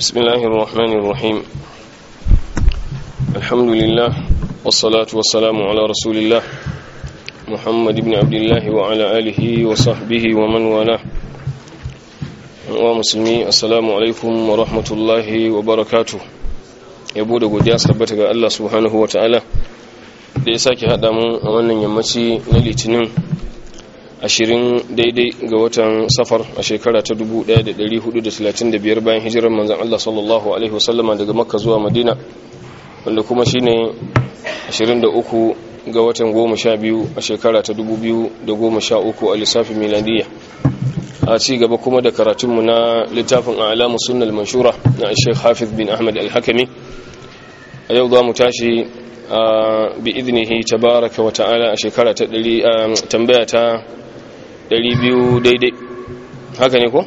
بسم الله الرحمن الرحيم الحمد لله والصلاة والسلام على رسول الله محمد بن عبد الله وعلى آله وصحبه ومن والاه ومسلمي السلام عليكم ورحمة الله وبركاته yabo da godiya sabbata ga Allah subhanahu wa ta'ala da ya sake haɗa mu a wannan yammaci na litinin ashirin daidai ga watan safar a shekara ta 1435 bayan hijirar manzan Allah sallallahu Alaihi wasallama daga makka zuwa madina wanda kuma shi ne 23 ga watan 12 a shekara ta 2013 a lissafin milaniya a ci gaba kuma da karatunmu na littafin a alamu sunnal manshura na sheikh hafiz bin ahmad al-hakami a yau za mu tashi bi idnihi tabaraka wa ta'ala a shekara ta tambaya ta 200 daidai haka ne ko?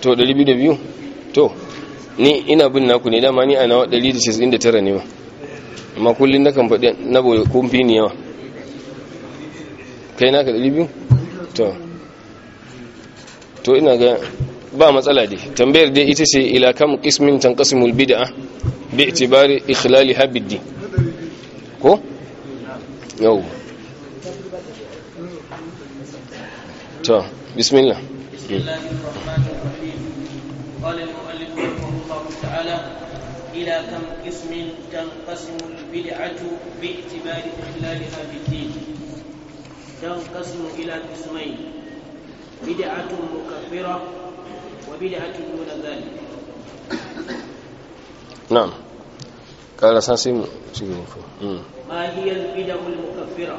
to 202 to ni ina bin naku ne dama ni a nawa 199 ne ma amma kullum na kan faɗi na boye kumfi ne yawa kai naka 200 to to ina ga ba matsala dai tambayar dai ita ce ila kam qismin tanqasimul bid'a bi i'tibari ikhlali habiddi ko بسم بسم الله الله الرحمن الرحيم قال المؤلف رحمه الله تعالى إلى كم قسم تنقسم البدعة باعتبار إخلالها بالدين تنقسم إلى قسمين بدعة مكفرة وبدعة دون ذلك نعم karasa sai mu ci gaba ma hiya al-bid'u al-mukaffira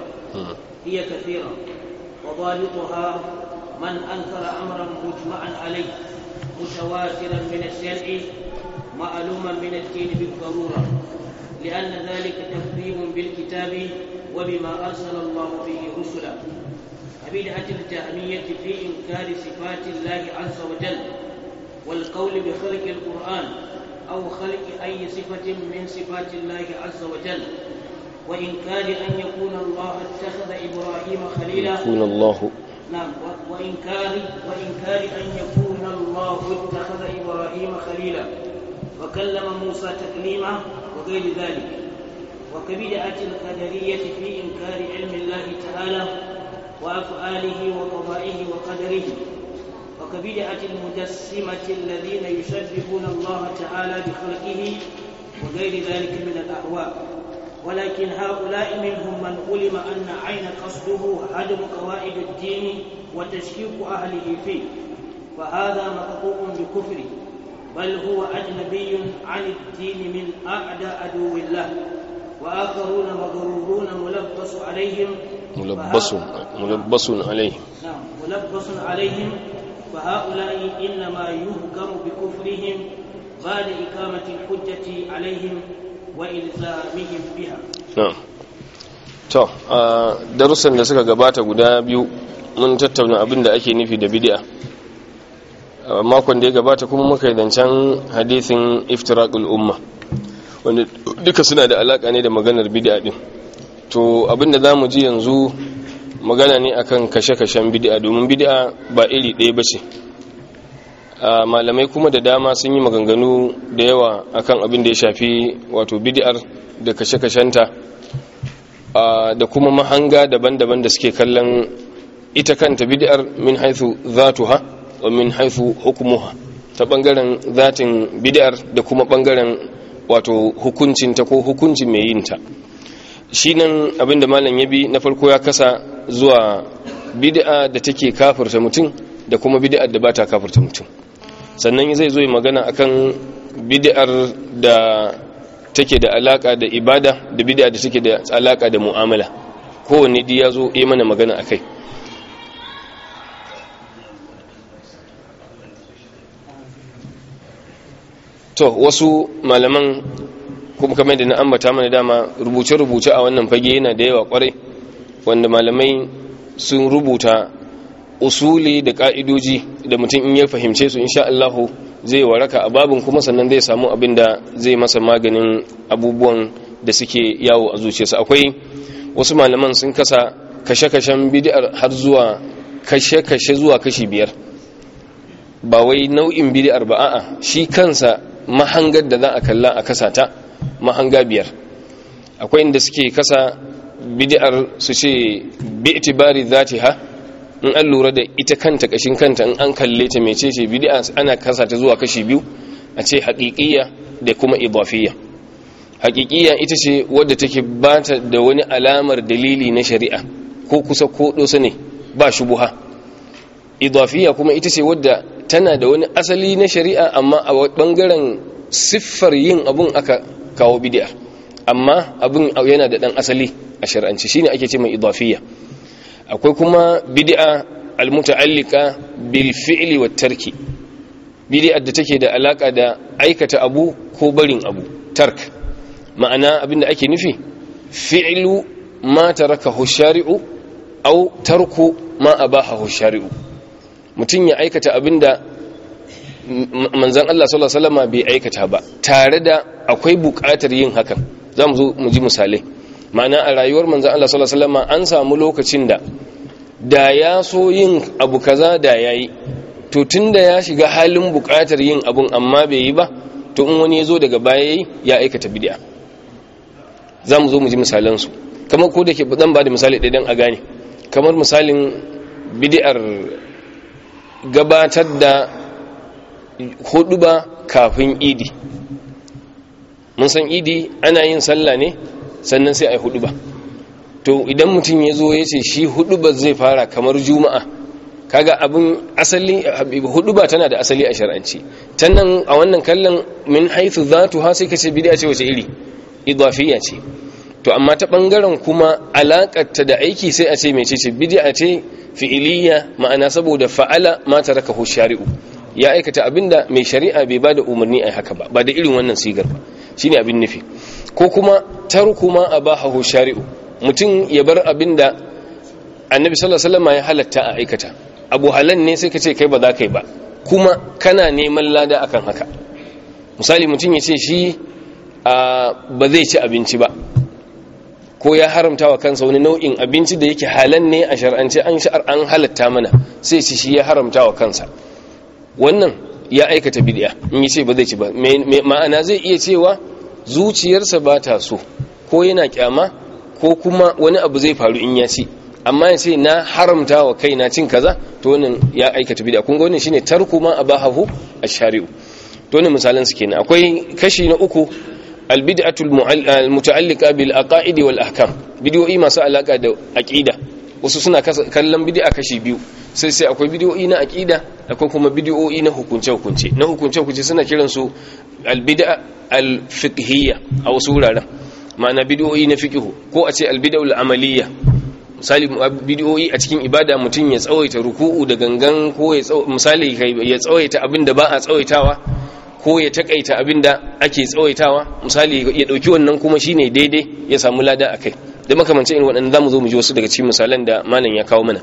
hiya kathira wa dhalituha man ankara amran mujma'an alayhi متواترا من الشرع معلوما من الدين بالضروره لان ذلك تكذيب بالكتاب وبما ارسل الله به رسلا كبدعه الجهميه في انكار صفات الله عز وجل والقول بخلق القران أو خلق أي صفة من صفات الله عز وجل وإن كاد أن يكون الله اتخذ إبراهيم خليلا يكون الله نعم وإن كاد وإن كاد أن يكون الله اتخذ إبراهيم خليلا وكلم موسى تكليما وغير ذلك وكبدعة القدرية في إنكار علم الله تعالى وأفعاله وقضائه وقدره وكبدعة المجسمة الذين يشبهون الله تعالى بخلقه وغير ذلك من الأهواء ولكن هؤلاء منهم من علم أن عين قصده هدم قواعد الدين وتشكيك أهله فيه فهذا مقطوع بكفره بل هو أجنبي عن الدين من أعدى عدو الله وآخرون مغرورون ملبس عليهم ملبس ملبس عليهم نعم ملبس عليهم فهؤلاء إنما يهجم بكفرهم بعد إقامة الحجة عليهم وإلزامهم بها نعم to darussan da suka gabata guda biyu mun tattauna abin da ake nufi da bid'a makon da ya gabata kuma muka yi zancen hadisin iftiraqul umma wanda duka suna da alaka ne da maganar bid'a din to abin da zamu ji yanzu magana ne akan kashe-kashen bid'a domin bid'a ba iri ɗaya ba ce malamai kuma da dama sun yi maganganu da yawa akan abin da ya shafi wato bid'ar da kashe-kashenta da kuma mahanga daban-daban da suke kallon ita kanta bid'ar min haithu ha wa min haithu hukumuha ta bangaren zatin bid'ar da kuma bangaren wato hukuncinta ko hukuncin mai yinta shi nan abinda malam ya bi na farko ya kasa zuwa bid'a da take kafirta mutum da kuma bid'ar da bata kafirta mutum sannan zai zo magana akan bid'ar da take da alaka da ibada da bid'a da take da alaka da mu'amala kowanne di ya zo yi mana magana akai to wasu malaman kuma kamar da na ambata mana dama rubuce-rubuce a wannan fage yana da yawa kwarai wanda malamai sun rubuta usuli da ka'idoji da mutum in ya fahimce su insha Allah zai waraka a babin kuma sannan zai samu abin da zai masa maganin abubuwan da suke yawo a zuciyarsa akwai wasu malaman sun kasa kashe-kashen bid'ar har zuwa kashe-kashe zuwa kashi biyar ba wai nau'in bid'ar ba a shi kansa mahangar da za a kalla a kasata mahanga biyar akwai inda suke kasa bid'ar su ce bi itibari ha in an lura da ita kanta kashin kanta in an kalle ta mecece bid'a ana kasa ta zuwa kashi biyu a ce haqiqiyya da kuma idafiyya haƙiƙiya ita ce wadda take bata da wani alamar dalili na shari'a ko kusa ko dosa ne ba shubuha idafiyya kuma ita ce wadda tana da wani asali na shari'a amma a bangaren siffar yin abun aka kawo bid'a amma abin yana da ɗan asali a shar'anci shine ake ce mai idafiyya akwai kuma bidi'a almuta'allika bil fi'li wat tarki bidi'a da take da alaka da aikata abu ko barin abu tark ma'ana abin abinda ake nufi fi'lu ma tarakahu shari'u aw tarku ma abahahu shari'u mutun ya aikata abinda manzan Allah sallallahu alaihi wasallam bai aikata ba tare da akwai buƙatar yin hakan mu zo mu ji misali ma'ana a rayuwar manzan Allah sallallahu alaihi wasallam an samu lokacin da da ya so yin abu kaza da yayi to tunda ya shiga halin buƙatar yin abun amma bai yi ba to in wani ya zo daga baya ya aikata bid'a mu zo mu ji misalan su kamar ko da ke zan ba da misali ɗaya don a gane kamar misalin bid'ar gabatar da hudu ba kafin idi mun san idi ana yin sallah ne sannan sai a yi hudu ba to idan mutum ya zo ya ce shi hudu ba zai fara kamar juma'a kaga abin asali hudu ba tana da asali a shar'anci ta nan a wannan kallon min haifu za tu ha sai ka ce bidiya ce wace iri idafiya ce to amma ta bangaren kuma alakarta da aiki sai a ce mece ce bidiya ce fi'iliya ma'ana saboda fa'ala ma taraka hu shari'u ya aikata abinda mai shari'a bai bada umarni a haka ba ba da irin wannan sigar ba shine abin nufi ko kuma tarku ma abahahu shari'u mutum ya bar abinda annabi sallallahu alaihi wasallam ya halatta a aikata abu halan ne sai ka ce kai ba za kai ba kuma kana neman lada akan haka misali mutum ya ce shi ba zai ci abinci ba ko ya haramta wa kansa wani nau'in abinci da yake halan ne a shar'ance an sha'ar an halatta mana sai shi shi ya haramta wa kansa wannan ya aikata bid'a in yace ba zai ci ba ma'ana zai iya cewa zuciyarsa ba ta so ko yana kyama ko kuma wani abu zai faru in ya ci amma ya ce na haramta wa kai na cin kaza to wannan ya aikata bid'a kun ga wannan shine tarku ma abahu ash-shari'u to ne misalan su kenan akwai kashi na uku albid'atul bidatu mutaalliqa bil aqaidi wal ahkam bid'o'i masu alaka da aqida wasu suna kallon bidi'a kashi biyu sai sai akwai bidiyo'i na aqida akwai kuma bidiyo'i na hukunce hukunce na hukunce hukunce suna kiran su albid'a alfiqhiyya a wasu wuraren ma'ana bidiyo'i na fiqhu ko a ce albid'ul amaliyya misali bidiyo'i a cikin ibada mutum ya tsawaita ruku'u da gangan ko ya misali ya tsawaita abinda ba a tsawaitawa ko ya takaita abinda ake tsawaitawa misali ya dauki wannan kuma shine daidai ya samu lada akai da makamancin irin waɗanda mu zo mu ji wasu daga cikin misalan da malam ya kawo mana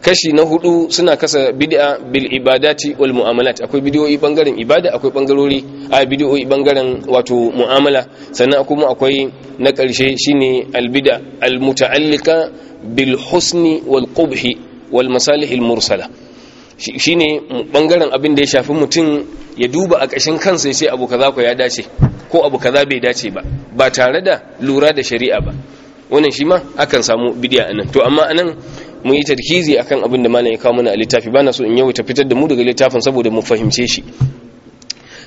kashi na hudu suna kasa bid'a bil ibadati wal mu'amalat akwai bidiyoyi bangaren ibada akwai bangarori a bidiyoyi bangaren wato mu'amala sannan kuma akwai na karshe shine al bid'a al muta'allika bil husni wal qubhi wal masalih al mursala shine bangaren abin da ya shafi mutum ya duba a kashin kansa ya ce abu kaza ko ya dace ko abu kaza bai dace ba ba tare da lura da shari'a ba wannan shi ma akan samu bidiya anan to amma anan mu yi tarkizi akan abin da malam ya kawo mana a littafi bana so in ta fitar da mu daga littafin saboda mu fahimce shi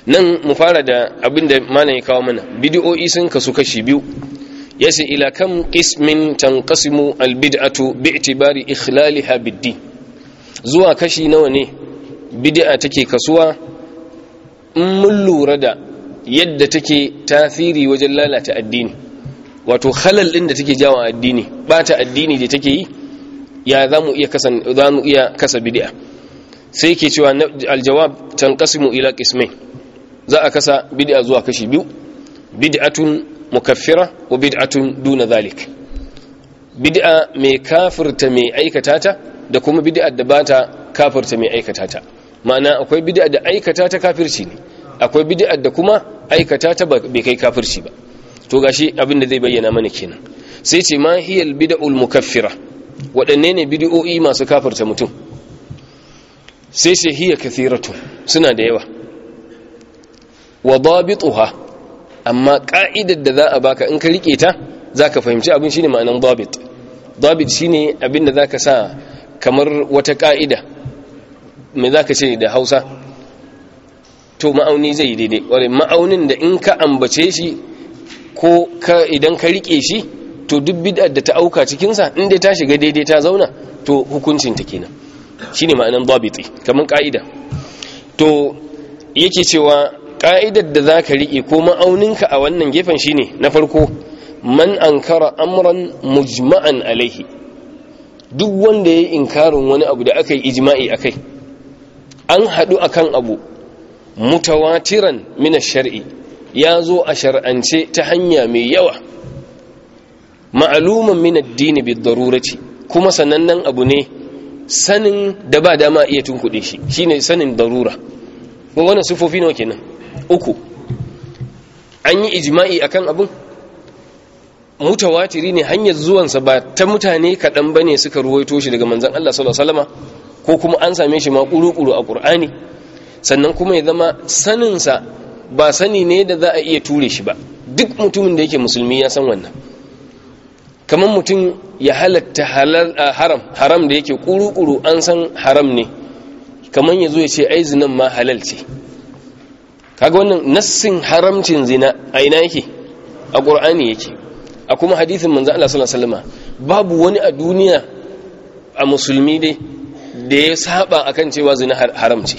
nan mu fara da abin da malam ya kawo mana bidiyoyi sun kasu kashi biyu ya ce ila kam qismin tanqasimu albid'atu bi'tibari ikhlaliha biddi zuwa kashi nawa ne bid'a take kasuwa in mun lura da yadda take tasiri wajen lalata addini wato halal ɗin da take jawo addini bata addini da take yi ya zamu iya iya kasa bid'a sai yake cewa aljawab can tanqasimu ila Kismai? za a kasa bid'a zuwa kashi biyu bid'atun mukaffira wa bid'atun duna zalik bid'a mai kafirta mai aikata ta da kuma bid'a da ba ta kafirta mai aikata ta ma'ana akwai bid'a da aikata ta kafirci ne akwai bid'a da kuma aikata ta bai kai kafirci ba to gashi abin da zai bayyana mana kenan sai ce ma hiyal bid'ul mukaffira waɗanne ne bid'o'i masu kafirta mutum sai ce hiya kathiratu suna da yawa wa dabituha amma ka'idar da za a baka in ka rike ta zaka fahimci abin shine ma'anan dabit dabit shine abin da zaka sa kamar wata ka'ida me zaka ce da Hausa to ma'auni zai yi daidai ma'aunin da in ka ambace shi ko idan ka rike shi to duk bid'ar da ta auka cikinsa in dai ta shiga daidai ta zauna to hukuncin ta kenan shine ma'anan dabiti kamar ka'ida to yake cewa ka'idar da zaka rike ko ka a wannan gefen shine na farko man ankara amran mujma'an alaihi duk wanda yayi inkarin wani abu da aka yi ijma'i akai an hadu akan abu mutawatiran min ash-shar'i ya zo a shar'ance ta hanya mai yawa ma'aluman min addini bi darurati kuma sanannen abu ne sanin da ba dama iya tun tunkuɗe shi shine sanin darura ko wannan sufofi nawa kenan uku an yi ijma'i akan abun? mutawatiri ne hanyar zuwansa ba ta mutane kaɗan bane suka ruwaito shi daga manzan Allah salama ko kuma an same shi ma ƙuru-ƙuru a ƙur'ani sannan kuma ya zama saninsa ba sani ne da za a iya ture shi ba duk mutumin da yake musulmi ya san wannan kamar mutum ya halatta haram haram da yake kuru-kuru an san haram ne kamar ya zo ya ce ai zinan ma halal ce kaga wannan nassin haramcin zina a ina yake a ƙur'ani yake a kuma hadithin manzan Allah sallallahu alaihi wasallam babu wani a duniya a musulmi dai da ya saba akan cewa zina haram ce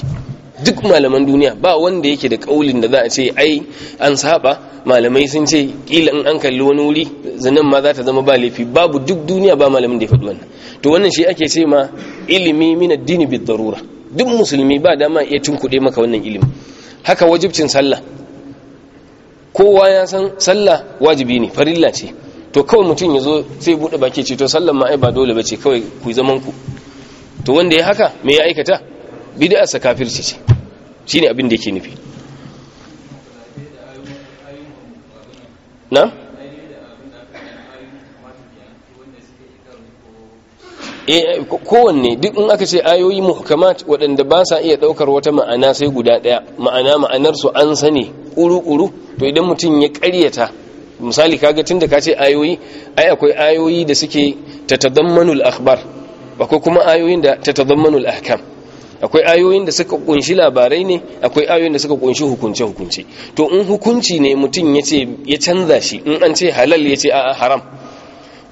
duk malaman duniya ba wanda yake da kaulin da za a ce ai an saba malamai sun ce kila in an kalli wani wuri zanen ma za ta zama ba laifi babu duk duniya ba malamin da ya faɗi wannan to wannan shi ake ce ma ilimi min addini bi darura duk musulmi ba dama iya tunkuɗe maka wannan ilimi haka wajibcin sallah kowa ya san sallah wajibi ne farilla ce to kawai mutum ya zo sai buɗe baki ce to sallan ma ai ba dole ba ce kawai ku zaman ku to wanda ya haka me ya aikata bid'a sa kafirci ce shi ne abin da yake nufi na eh, kowanne duk in aka ce ayoyi muhkamat waɗanda ba sa iya ɗaukar wata ma'ana sai guda ɗaya ma'ana ma'anar su an sani ƙuru-ƙuru to idan mutum ya ƙaryata misali kaga tun da ka ce ayoyi ai akwai ayoyi da suke tatadammanul akhbar akwai kuma ayoyin da tatadammanul akam akwai ayoyin da suka kunshi labarai ne akwai ayoyin da suka kunshi hukunce hukunce to in hukunci ne mutum ce ya canza shi in an ce halal ya ce a haram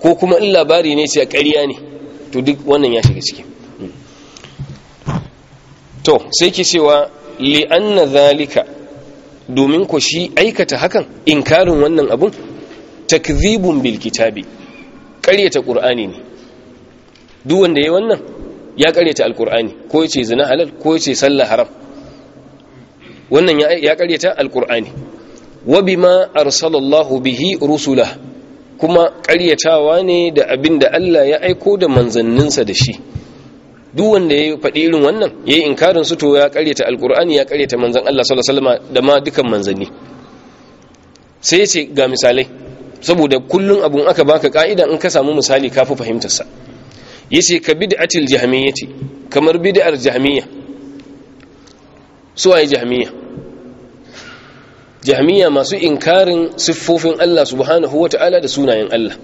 ko kuma in labari ne ce ƙarya ne to duk wannan ya shiga ciki to sai ke cewa li anna zalika domin ku shi aikata hakan inkarin wannan abun takdhibun bil kitabi ƙaryata qur'ani ne duk wanda yayi wannan ya karyata alkur'ani ko ya ce zina halal ko ya ce sallah haram wannan ya karyata alkur'ani wa bima arsalallahu bihi rusulah kuma karyatawa ne da abin da Allah ya aiko da manzanninsa da shi duk wanda ya faɗi irin wannan ya yayi inkarin su to ya karyata alkur'ani ya karyata manzan Allah sallallahu da ma dukan manzanni sai ya ce ga misalai saboda kullun abun aka baka ka'ida in ka samu misali ka fi fahimtarsa. yace ka bid'atil jahmiyyati kamar bid'ar jahmiyya su waye jahmiyya jahmiyya masu inkarin siffofin Allah subhanahu wata'ala da sunayen Allah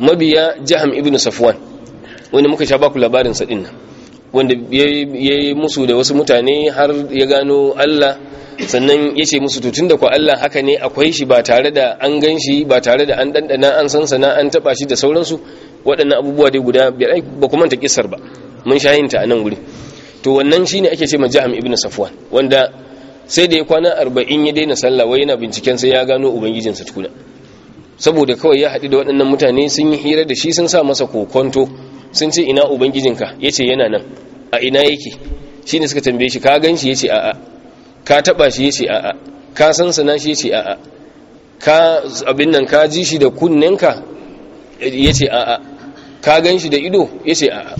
mabiya jaham ibnu safwan wanda muka sha baku labarin sa dinnan wanda yayi musu da wasu mutane har ya gano Allah sannan yace musu tutun da ku Allah haka ne akwai shi ba tare da an gan shi ba tare da an ɗanɗana an san sana an taɓa shi da sauransu waɗannan abubuwa dai guda biyar ai ba kuma ta kisar ba mun sha ta a nan guri to wannan shine ake ce ma Jaham ibn Safwan wanda sai da ya kwana 40 ya daina sallah wai yana binciken sai ya gano ubangijinsa tukuna saboda kawai ya haɗu da waɗannan mutane sun yi hira da shi sun sa masa kokonto sun ce ina ubangijinka yace yana nan a ina yake shine suka tambaye shi ka ganshi yace a'a ka taba shi yace a'a ka san sana shi yace a'a ka abin nan ka ji shi da kunnenka ya ce a'a ka gan shi da ido ya ce a'a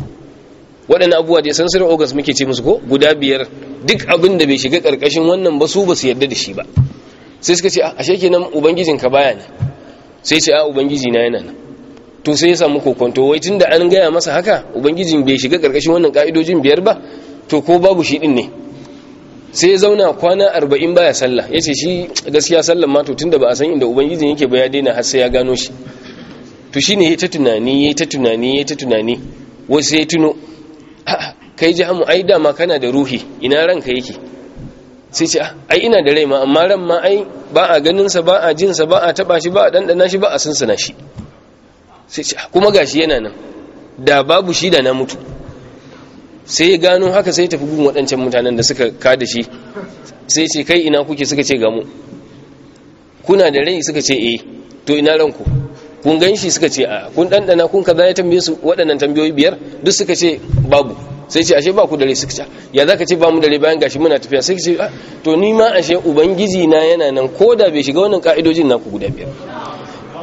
waɗannan abubuwa da sensory august muke ce musu ko guda biyar duk abin da bai shiga ƙarƙashin wannan ba su ba su yarda da shi ba sai suka ce ashe kenan ubangijinka baya ne sai ce a ubangiji na yana nan to sai ya samu kokonto wai tunda an gaya masa haka ubangijin bai shiga ƙarƙashin wannan ƙa'idojin biyar ba to ko babu shi ɗin ne sai ya zauna kwana arba'in baya sallah ya ce shi gaskiya sallan ma to tunda ba a san inda ubangijin yake ba ya daina har sai ya gano shi to shine ya ta tunani ya ta tunani ya ta tunani wasu ya tuno kai ji hamu ai dama kana da ruhi ina ranka yake sai ce ah, ai ina da rai ma amma ran ma ai ba a ganin sa ba a jin sa ba a taba shi ba a dandana shi ba a sunsuna shi sai ce ah, kuma gashi yana nan da babu shi da na mutu sai ya gano haka sai tafi gun waɗancan mutanen da suka kada shi sai ce kai ina kuke suka ce gamu kuna da rai suka ce eh to ina ranku kun gan shi suka ce a kun ɗanɗana kun kaza ya tambaye su waɗannan tambayoyi biyar duk suka ce babu sai ce ashe ba ku dare suka ce ya za ka ce ba mu dare bayan gashi muna tafiya sai ce to ni ma ashe ubangiji na yana nan ko da bai shiga wannan ka'idojin naku guda biyar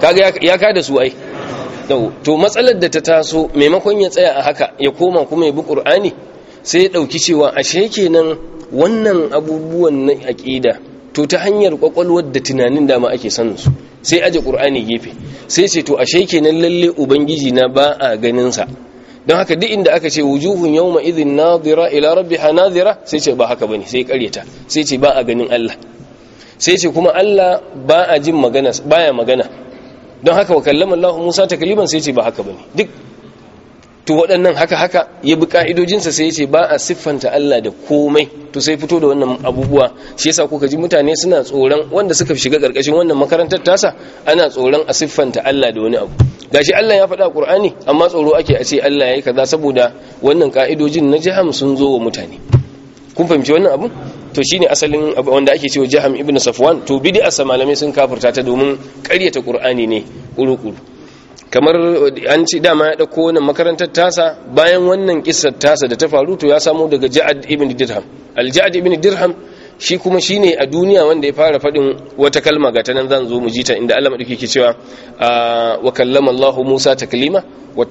kaga ya ka da su ai to matsalar da ta taso maimakon ya tsaya a haka ya koma kuma ya bi qur'ani sai ya dauki cewa ashe kenan wannan abubuwan na aqida to ta hanyar kwakwalwar da tunanin dama ake sanin su sai aje qur'ani gefe sai ce to ashe kenan lalle ubangiji na ba a ganin sa don haka duk inda aka ce wujuhun yawma idhin nadira ila rabbiha nadira sai ce ba haka bane sai kareta sai ce ba a ganin Allah sai ce kuma Allah ba a jin magana baya magana don haka wa kallama Allah Musa takliman sai ce ba haka bane duk to waɗannan haka haka ya bi ka'idojinsa sai ya ce ba a siffanta Allah da komai to sai fito da wannan abubuwa shi yasa kuka ji mutane suna tsoron wanda suka shiga karkashin wannan makarantar tasa ana tsoron a siffanta Allah da wani abu gashi Allah ya faɗa Qur'ani amma tsoro ake a ce Allah yayi kaza saboda wannan ka'idojin na jaham sun zo wa mutane kun fahimci wannan abu to shine asalin wanda ake cewa jaham ibnu safwan to bid'a malamai sun kafirta ta domin ƙaryata Qur'ani ne kuru-kuru kamar an ci dama ya dauko wannan makarantar tasa bayan wannan kissar tasa da ta faru to ya samu daga Ja'ad ibn Dirham al-Ja'ad ibn Dirham shi kuma shine a duniya wanda ya fara faɗin wata kalma ga tanan zan zo mu ji ta inda Allah madauki ke cewa ah, wa kallama Allahu Musa taklima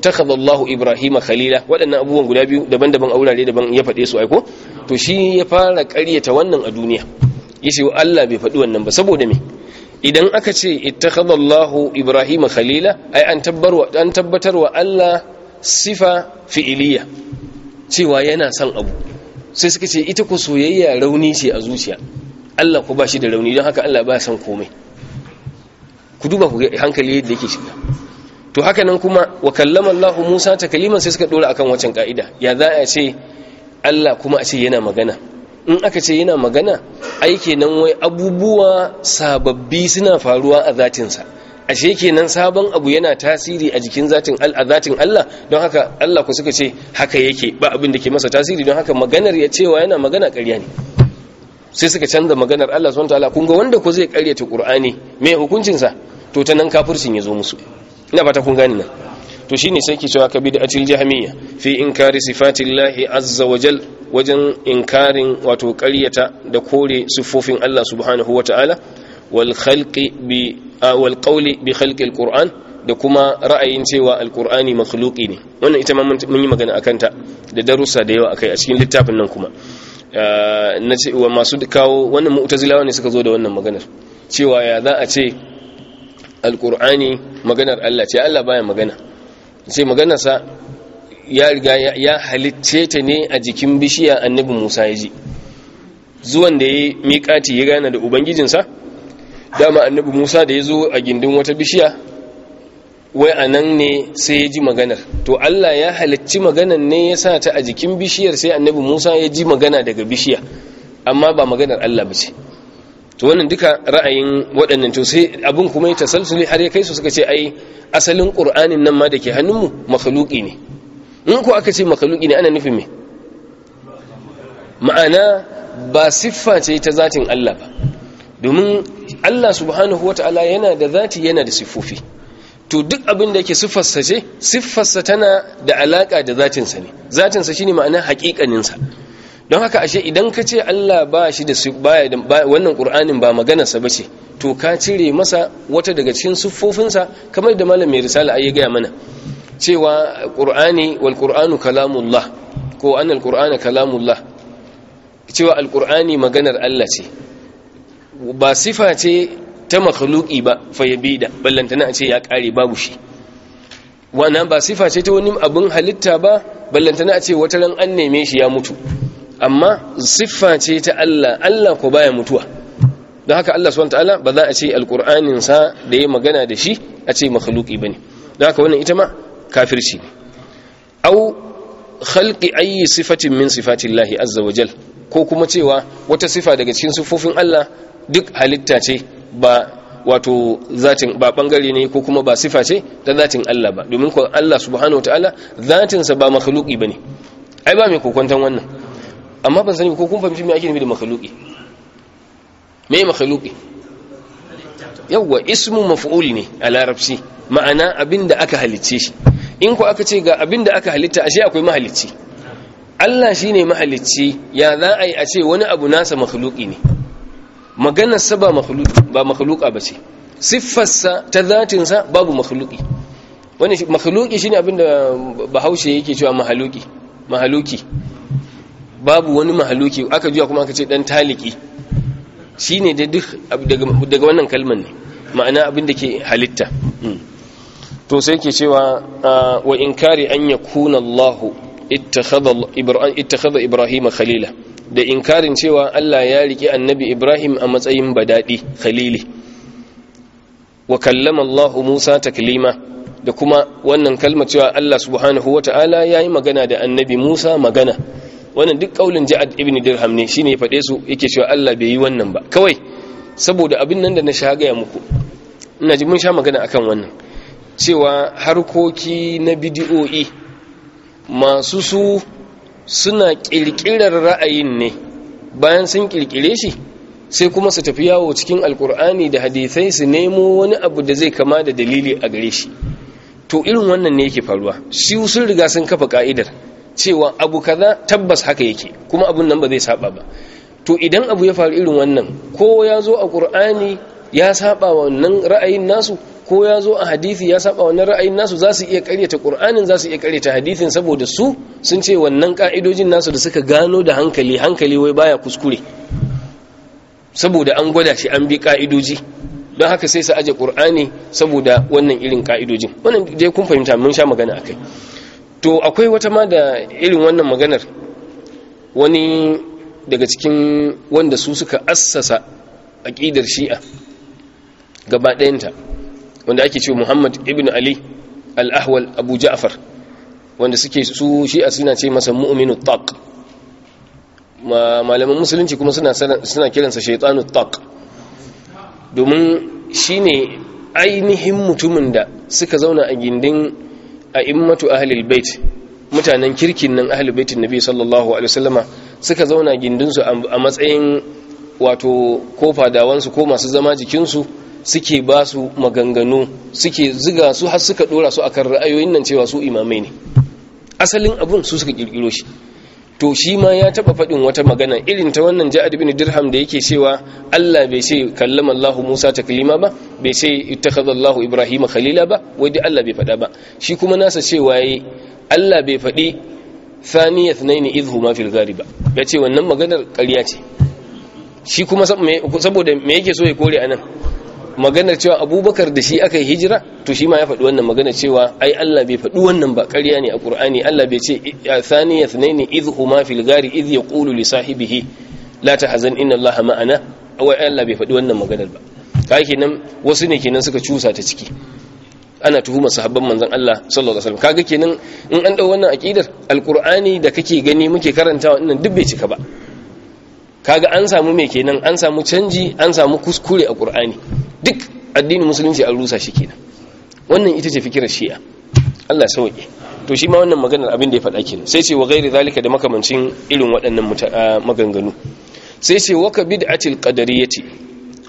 takhadha Allahu Ibrahima khalila waɗannan abubuwan guda biyu daban-daban a wurare daban ya fade su aiko to shi ya fara ƙaryata wannan a duniya yace Allah bai faɗi wannan ba saboda me idan aka ce ittakhadallahu ibrahima khalila ai an tabbarwa an tabbatarwa Allah sifa fi'iliya cewa yana son abu sai suka ce ita ku soyayya rauni ce a zuciya Allah ku bashi da rauni don haka Allah ba son komai ku duba ku hankali yadda yake shiga to haka nan kuma wa kallama Allah Musa ta kaliman sai suka dora akan wancan ka'ida ya za a ce Allah kuma a ce yana magana in aka ce yana magana aiki nan wai abubuwa sababbi suna faruwa a zatinsa ashe kenan sabon abu yana tasiri a jikin zatin zatin Allah don haka Allah ku suka ce haka yake ba abin da ke masa tasiri don haka maganar ya cewa yana magana ƙarya ne sai suka canza maganar Allah subhanahu wataala kun wanda ku zai ƙaryata ƙur'ani me hukuncinsa? to ta nan kafircin ya zo musu ina ta kun gane nan to shine sai ke cewa ka bid'atil ya fi inkari sifatillahi azza wa jalla wajen inkarin wato ƙaryata da kore siffofin Allah subhanahu wa ta'ala wal bi halƙi alƙur'an da kuma ra'ayin cewa alƙur'ani luƙi ne wannan ita mun yi magana a kanta da darussa da yawa akai a cikin littafin nan kuma na ce wa masu kawo wannan mu'tazilawa ne suka zo da wannan maganar cewa ya za a ce alƙur'ani maganar Allah ce Allah baya magana ce maganarsa ya riga ya halicce ta ne a jikin bishiya annabi musa ya ji zuwan da ya miƙati ya gana da ubangijinsa dama annabi musa da ya zo a gindin wata bishiya wai a nan ne sai ya ji maganar to allah ya halicci maganar ne ya sa ta a jikin bishiyar sai annabi musa ya ji magana daga bishiya amma ba maganar allah ba ce to wannan duka ra'ayin waɗannan to sai abin kuma ya tasalsuli har ya kai su suka ce ai asalin ƙur'anin nan ma da ke hannunmu makhluki ne in ko aka ce makaluki ne ana nufin me ma'ana ba siffa ce ta zatin Allah ba domin Allah subhanahu wata'ala yana da zati yana da siffofi to duk abin da yake siffarsa ce siffarsa tana da alaka da zatinsa ne zatinsa shine ma'ana haƙiƙaninsa don haka ashe idan ka ce Allah ba shi da wannan ƙur'anin ba maganarsa ba ce to ka cire masa wata daga cikin siffofinsa kamar da malam mai risala ayi ya gaya mana cewa ƙur'ani wal ƙur'anu kalamullah ko al ƙur'ana kalamullah cewa alƙur'ani maganar Allah ce ba sifa ce ta makhluki ba fayyabe da ballantana a ce ya ƙare babu shi wana ba sifa ce ta wani abin halitta ba ballantana a ce wata ran an neme shi ya mutu amma siffa ce ta Allah Allah ko baya mutuwa don haka Allah subhanahu ta'ala ba za a ce alƙur'aninsa da ya magana da shi a ce makhluki bane don haka wannan ita ma kafirci ne au khalqi ayi sifatin min sifatillahi azza wa jal ko kuma cewa wata sifa daga cikin sifofin Allah duk halitta ce ba wato zatin ba bangare ne ko kuma ba sifa ce ta zatin Allah ba domin ko Allah subhanahu wataala sa ba makhluqi bane ai ba mai kokwantan wannan amma ban sani ko kun fahimci me ake nufi da makhluqi me makhluqi yawa ismu maf'ul ne a larabci ma'ana abin da aka halicce shi in ku aka ce ga abin da aka halitta ashe akwai mahalicci Allah shi ne mahalicci ya za a yi a ce wani abu nasa makhluki ne maganarsa ba makhluka ba ce siffarsa ta zatinsa babu makhluki wani makhluki shi ne abin da bahaushe yake cewa mahaluki mahaluki babu wani mahaluki aka juya kuma aka ce dan taliki shi ne daga wannan kalman ne ma'ana abin da ke halitta hmm. to sai ke cewa ah, wa inkari an kuna Allahu ittakhadha ibrahima khalila da inkarin cewa Allah ya rike annabi Ibrahim a matsayin badadi khalili wa kallama Allah Musa taklima da kuma wannan kalma cewa Allah subhanahu ya yi magana da annabi Musa magana wannan duk kaulin Ja'ad ibn Dirham ne shine ya fade su yake cewa Allah bai yi wannan ba kawai saboda abin nan da na sha ga muku ina ji mun sha magana akan wannan cewa harkoki na bidiyo'i masu su suna ƙirƙirar ra'ayin ne bayan sun ƙirƙire shi sai kuma su tafi yawo cikin alkur'ani da hadithai su nemo wani abu da zai kama da dalili a gare shi to irin wannan ne yake faruwa shi sun riga sun kafa ka'idar cewa abu kaza tabbas haka yake kuma abun nan ba zai saba ba to idan abu ya faru irin wannan ko ya zo a ƙur'ani ya saba wannan ra'ayin nasu ko ya zo a hadithi ya saba wannan ra'ayin nasu za su iya karyata ƙur'anin za su iya karyata hadithin saboda su sun ce wannan ƙa'idojin nasu da suka gano da hankali hankali wai baya kuskure saboda an gwada shi an bi ƙa'idoji don haka sai su aje Kur'ani saboda wannan irin ƙa'idojin wannan dai kun fahimta mun sha magana akai. to akwai wata ma da irin wannan maganar wani daga cikin wanda su suka assasa aƙidar shi'a gaba ɗayanta wanda ake ce muhammad ibn ali al-ahwal abu ja'far wanda suke su shi a suna ce masa mu'minu taq malaman musulunci kuma suna kiransa shaitanu taq domin shi ne ainihin mutumin da suka zauna a gindin a a'immatu ahalil bait mutanen kirkin nan ahalil baitin nabi sallallahu alaihi wasallama suka zauna gindinsu a matsayin wato ko fadawansu ko masu zama jikinsu suke ba su maganganu suke ziga su har suka dora su akan ra'ayoyin nan cewa su imamai ne asalin abun su suka kirkiro shi to shi ma ya taba faɗin wata magana irin ta wannan ja'ad ibn dirham da yake cewa Allah bai ce kallama Allah Musa taklima ba bai ce ittakhadha Allah Ibrahim khalila ba wai dai Allah bai faɗa ba shi kuma nasa cewa yayi Allah bai faɗi thaniya thnaini idhuma fil ghariba ya ce wannan maganar ƙarya ce shi kuma saboda me yake so ya kore anan maganar cewa abubakar da shi aka yi hijira to shi ma ya faɗi wannan magana cewa ai Allah bai faɗi wannan ba ƙarya ne a ƙur'ani Allah bai ce thani ya ne idh huma fil gari ya ƙulu li sahibihi la hazan inna Allah ma'ana wai Allah bai faɗi wannan maganar ba kai kenan wasu ne kenan suka cusa ta ciki ana tuhuma sahabban manzon Allah sallallahu alaihi wasallam kaga kenan in an dau wannan aqidar alqur'ani da kake gani muke karantawa wannan duk bai cika ba kaga an samu mai kenan an samu canji an samu kuskure a ƙur'ani duk addinin musulunci an rusa shi kenan wannan ita ce fikirar shi'a Allah sauke to shi ma wannan maganar abin da ya faɗa kenan sai ce wa ghairi zalika da makamancin irin waɗannan maganganu sai ce waka bid'atil qadariyati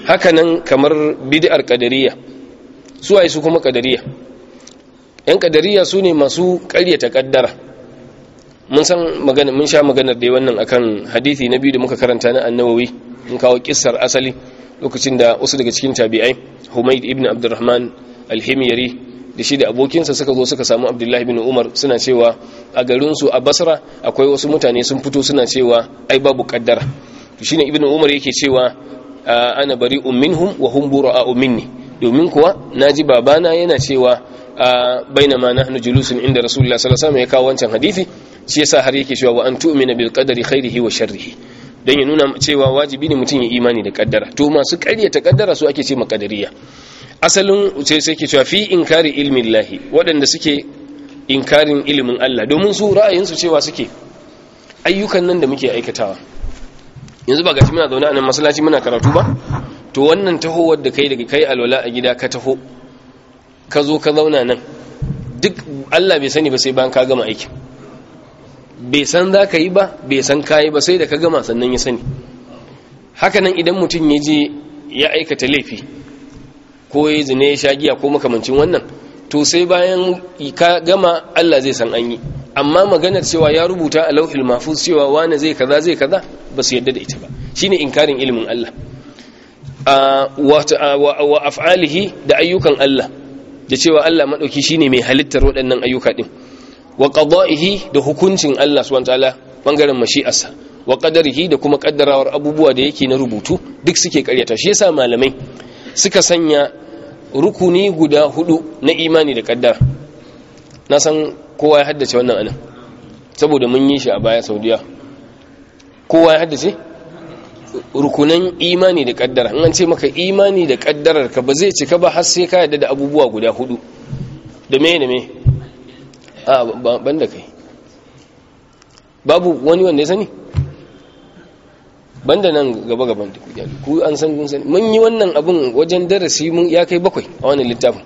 haka nan kamar bid'ar qadariya su ai su kuma qadariya yan qadariya su ne masu ƙaryata kaddara mun san magana mun sha maganar dai wannan akan hadisi na biyu da muka karanta na annawawi mun kawo kissar asali lokacin da wasu daga cikin tabi'ai humayd ibn abdurrahman al-himyari da shi da abokinsa suka zo suka samu abdullahi ibn umar suna cewa a garinsu a basra akwai wasu mutane sun fito suna cewa ai babu kaddara to shine ibn umar yake cewa ana bari'un minhum wa hum bura'u minni domin kuwa naji babana yana cewa A ma nahnu julusun inda rasulullahi sallallahu alaihi ya kawo wancan hadisi shi yasa har yake cewa wa an tu'mina bil qadari khairihi wa sharrihi dan ya nuna cewa wajibi ne mutum ya imani da kaddara to masu ta kaddara su ake ce makadariya asalin sai sai ke cewa fi inkari ilmi lahi waɗanda suke inkarin ilimin Allah domin su ra'ayin su cewa suke ayyukan nan da muke aikatawa yanzu ba gaci muna zaune a nan masallaci muna karatu ba to wannan tahowar da kai daga kai alwala a gida ka taho ka zo ka zauna nan duk Allah bai sani ba sai bayan ka gama aikin bai san za ka yi ba bai san ka yi ba sai da ka gama sannan ya sani hakanan idan mutum ya je ya aikata laifi ko ya zina ya sha giya ko makamancin wannan to sai bayan ka gama Allah zai san an yi amma maganar cewa ya rubuta a lauhil mahfuz cewa wani zai kaza zai kaza ba su yadda da ita ba shine inkarin ilimin Allah wa af'alihi da ayyukan Allah da cewa Allah madauki shine mai halittar waɗannan ayyuka din wa qada'ihi da hukuncin Allah subhanahu ta'ala ɓangaren mashi'arsa wa qadarihi da kuma kaddarawar abubuwa da yake na rubutu duk suke karyata shi yasa malamai suka sanya rukuni guda hudu na imani da kaddara na san kowa ya haddace wannan anan saboda mun yi shi a baya saudiya kowa ya haddace rukunan imani da kaddara an ce maka imani da kaddarar ka ba zai cika ba har sai ka yadda da abubuwa guda hudu da me da me a ban da kai babu wani wanda ya sani banda nan gaba gaban da kujali ku an san kun sani mun yi wannan abun wajen darasi mun ya kai bakwai a wannan littafin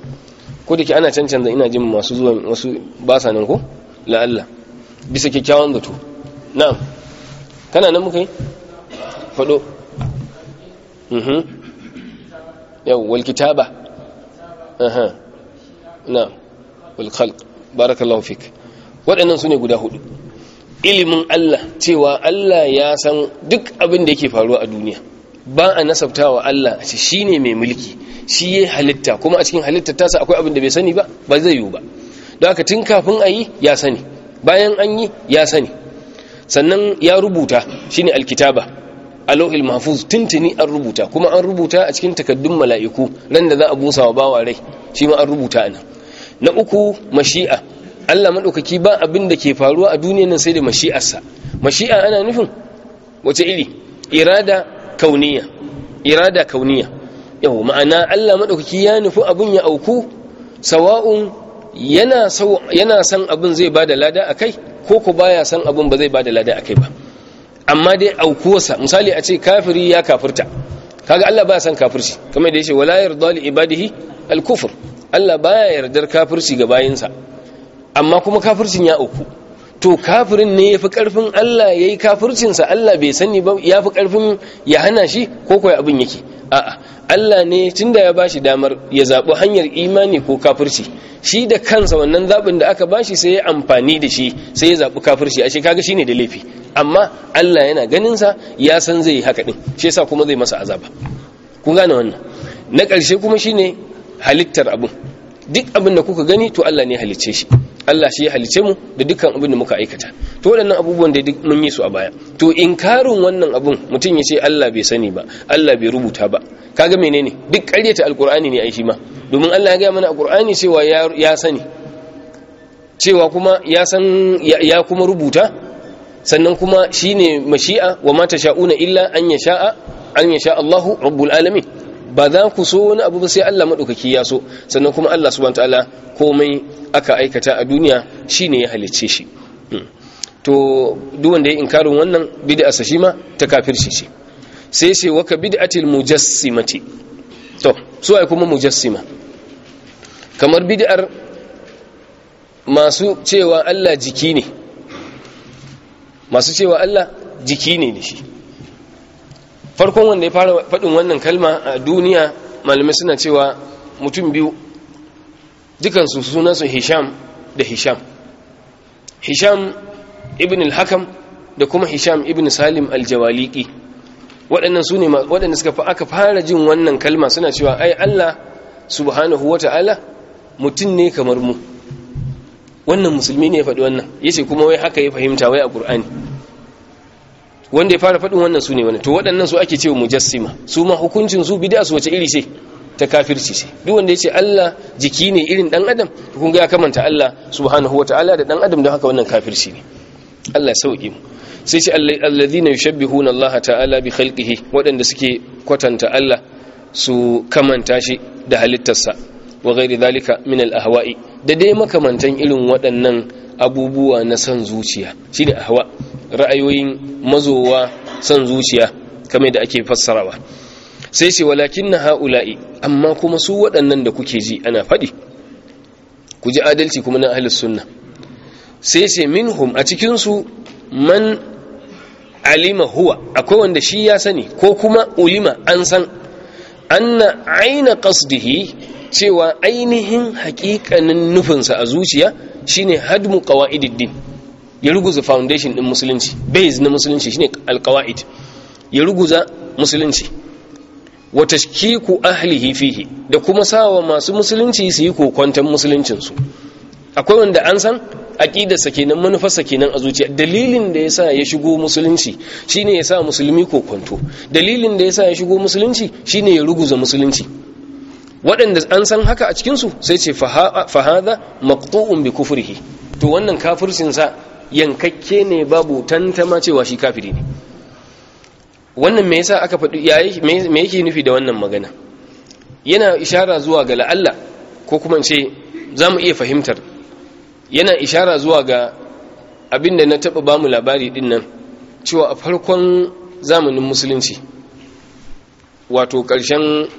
ko da ke ana cancanza ina jin masu zuwa wasu ba sa nan ko la'alla bisa kyakkyawan batu na'am kana nan muka yi faɗo mhm. yau walkitaba na walkhalk barakallahu fik waɗannan su ne guda hudu ilimin Allah cewa Allah ya san duk abin da yake faruwa a duniya ba a nasabtawa Allah a ce shi ne mai mulki shi ya halitta kuma a cikin halitta tasa akwai abin da bai sani ba ba zai yiwu ba Da aka tun kafin a yi ya sani bayan an yi ya sani sannan ya rubuta shi shine alkitaba a lauhil mahfuz tuntuni an rubuta kuma an rubuta a cikin takaddun mala'iku ran da za a busa wa bawa rai shi ma an rubuta nan na uku mashi'a Allah madaukaki ba abin da ke faruwa a duniyar nan sai da mashi'arsa mashi'a ana nufin wace iri irada kauniya irada kauniya yau ma'ana Allah madaukaki ya nufi abin ya auku sawa'un yana son abin zai bada lada akai ko ko baya son abin ba zai bada lada akai ba amma dai aukuwarsa misali a ce kafiri ya kafirta kaga Allah ba san kafirci kamar da yace wala yarda li ibadihi al-kufr Allah baya yardar kafirci ga bayinsa amma kuma kafircin ya auku to kafirin ne yafi karfin Allah yayi kafircin sa Allah bai sani ba yafi karfin ya hana shi ko koyi abin yake a'a Allah ne tunda ya bashi damar ya zaɓi hanyar imani ko kafirci shi da kansa wannan zaɓin da aka bashi sai ya amfani da shi sai ya zaɓi kafirci ashe shi ne da laifi amma Allah yana ganin sa ya san zai yi haka din shi yasa kuma zai masa azaba kun gane wannan na ƙarshe kuma shine halittar abun duk abin da kuka gani to Allah ne halicce shi Allah shi ya halice mu da dukkan abin da muka aikata to waɗannan abubuwan da mun yi su a baya to inkarin wannan abun mutum ya ce Allah bai sani ba Allah bai rubuta ba kaga menene duk ƙaryata alkur'ani ne ai shi ma domin Allah ya ga mana alqur'ani cewa ya sani cewa kuma ya san ya kuma rubuta sannan kuma shine mashi'a wa ma tasha'una illa an yasha'a an yasha Allahu rabbul alamin ba za ku so wani abu ba sai Allah maɗaukaki ya so sannan kuma Allah subhanahu ta'ala komai aka aikata a duniya shine ya halicce shi hmm. to duk wanda ya inkarin wannan bid'a sa shi ma ta kafirci ce sai sai waka bid'atil mujassimati to su ai kuma mujassima kamar bid'ar masu cewa Allah jiki ne masu cewa Allah jiki ne ne shi farkon wanda ya fara faɗin wannan kalma a duniya malamai suna cewa mutum biyu dukansu sunansu hisham da hisham hisham ibn al-hakam da kuma hisham ibn salim al-jawaliki waɗannan su ne waɗanda suka fa aka fara jin wannan kalma suna cewa ai Allah subhanahu wata'ala mutum ne kamar mu wannan musulmi ne ya faɗi wannan yace kuma wai haka ya fahimta wai a Qur'ani wanda ya fara faɗin wannan su ne wani to waɗannan su ake cewa mujassima su ma hukuncin su bid'a su wace iri ce ta kafirci ce duk wanda ya ce Allah jiki ne irin dan adam to kun ga ya kamanta Allah subhanahu wataala da dan adam don haka wannan kafirci ne Allah sauki mu sai ce alladhina yushabbihuna Allah ta'ala bi khalqihi waɗanda suke kwatanta Allah su kamanta shi da halittarsa wa gairi dalika min al-ahwa'i da dai makamantan irin waɗannan abubuwa na san zuciya shine ahwa ra'ayoyin mazowa san zuciya kamar da ake fassarawa sai shi walakin na ha'ula'i amma kuma su waɗannan da kuke ji ana faɗi ku ji adalci kuma na ahlus sunna sai shi minhum a cikinsu man alima huwa akwai wanda shi ya sani ko kuma ulima an san anna aina qasdihi cewa ainihin haƙiƙanin nufinsa a zuciya shine hadmu qawaididdin ya ruguza foundation din musulunci base na musulunci shine alqawaid ya ruguza musulunci wa tashkiku ahlihi fihi da kuma sawa masu musulunci su yi kokonton musuluncin su akwai wanda an san aqidarsa kenan manufarsa kenan a zuciya dalilin da yasa ya shigo musulunci shine yasa musulmi kokonto dalilin da yasa ya shigo musulunci shine ya ruguza musulunci waɗanda an san haka a cikinsu sai ce fahaza maqtu'un bi kufrihi to wannan kafircinsa yankakke ne babu tantama cewa shi kafiri ne wannan me yasa aka faɗi me yake nufi da wannan magana yana ishara zuwa ga la'alla ko kuma ce za mu iya fahimtar yana ishara zuwa ga abinda na taɓa ba mu labari ɗin nan cewa a farkon zamanin musulunci wato ƙarshen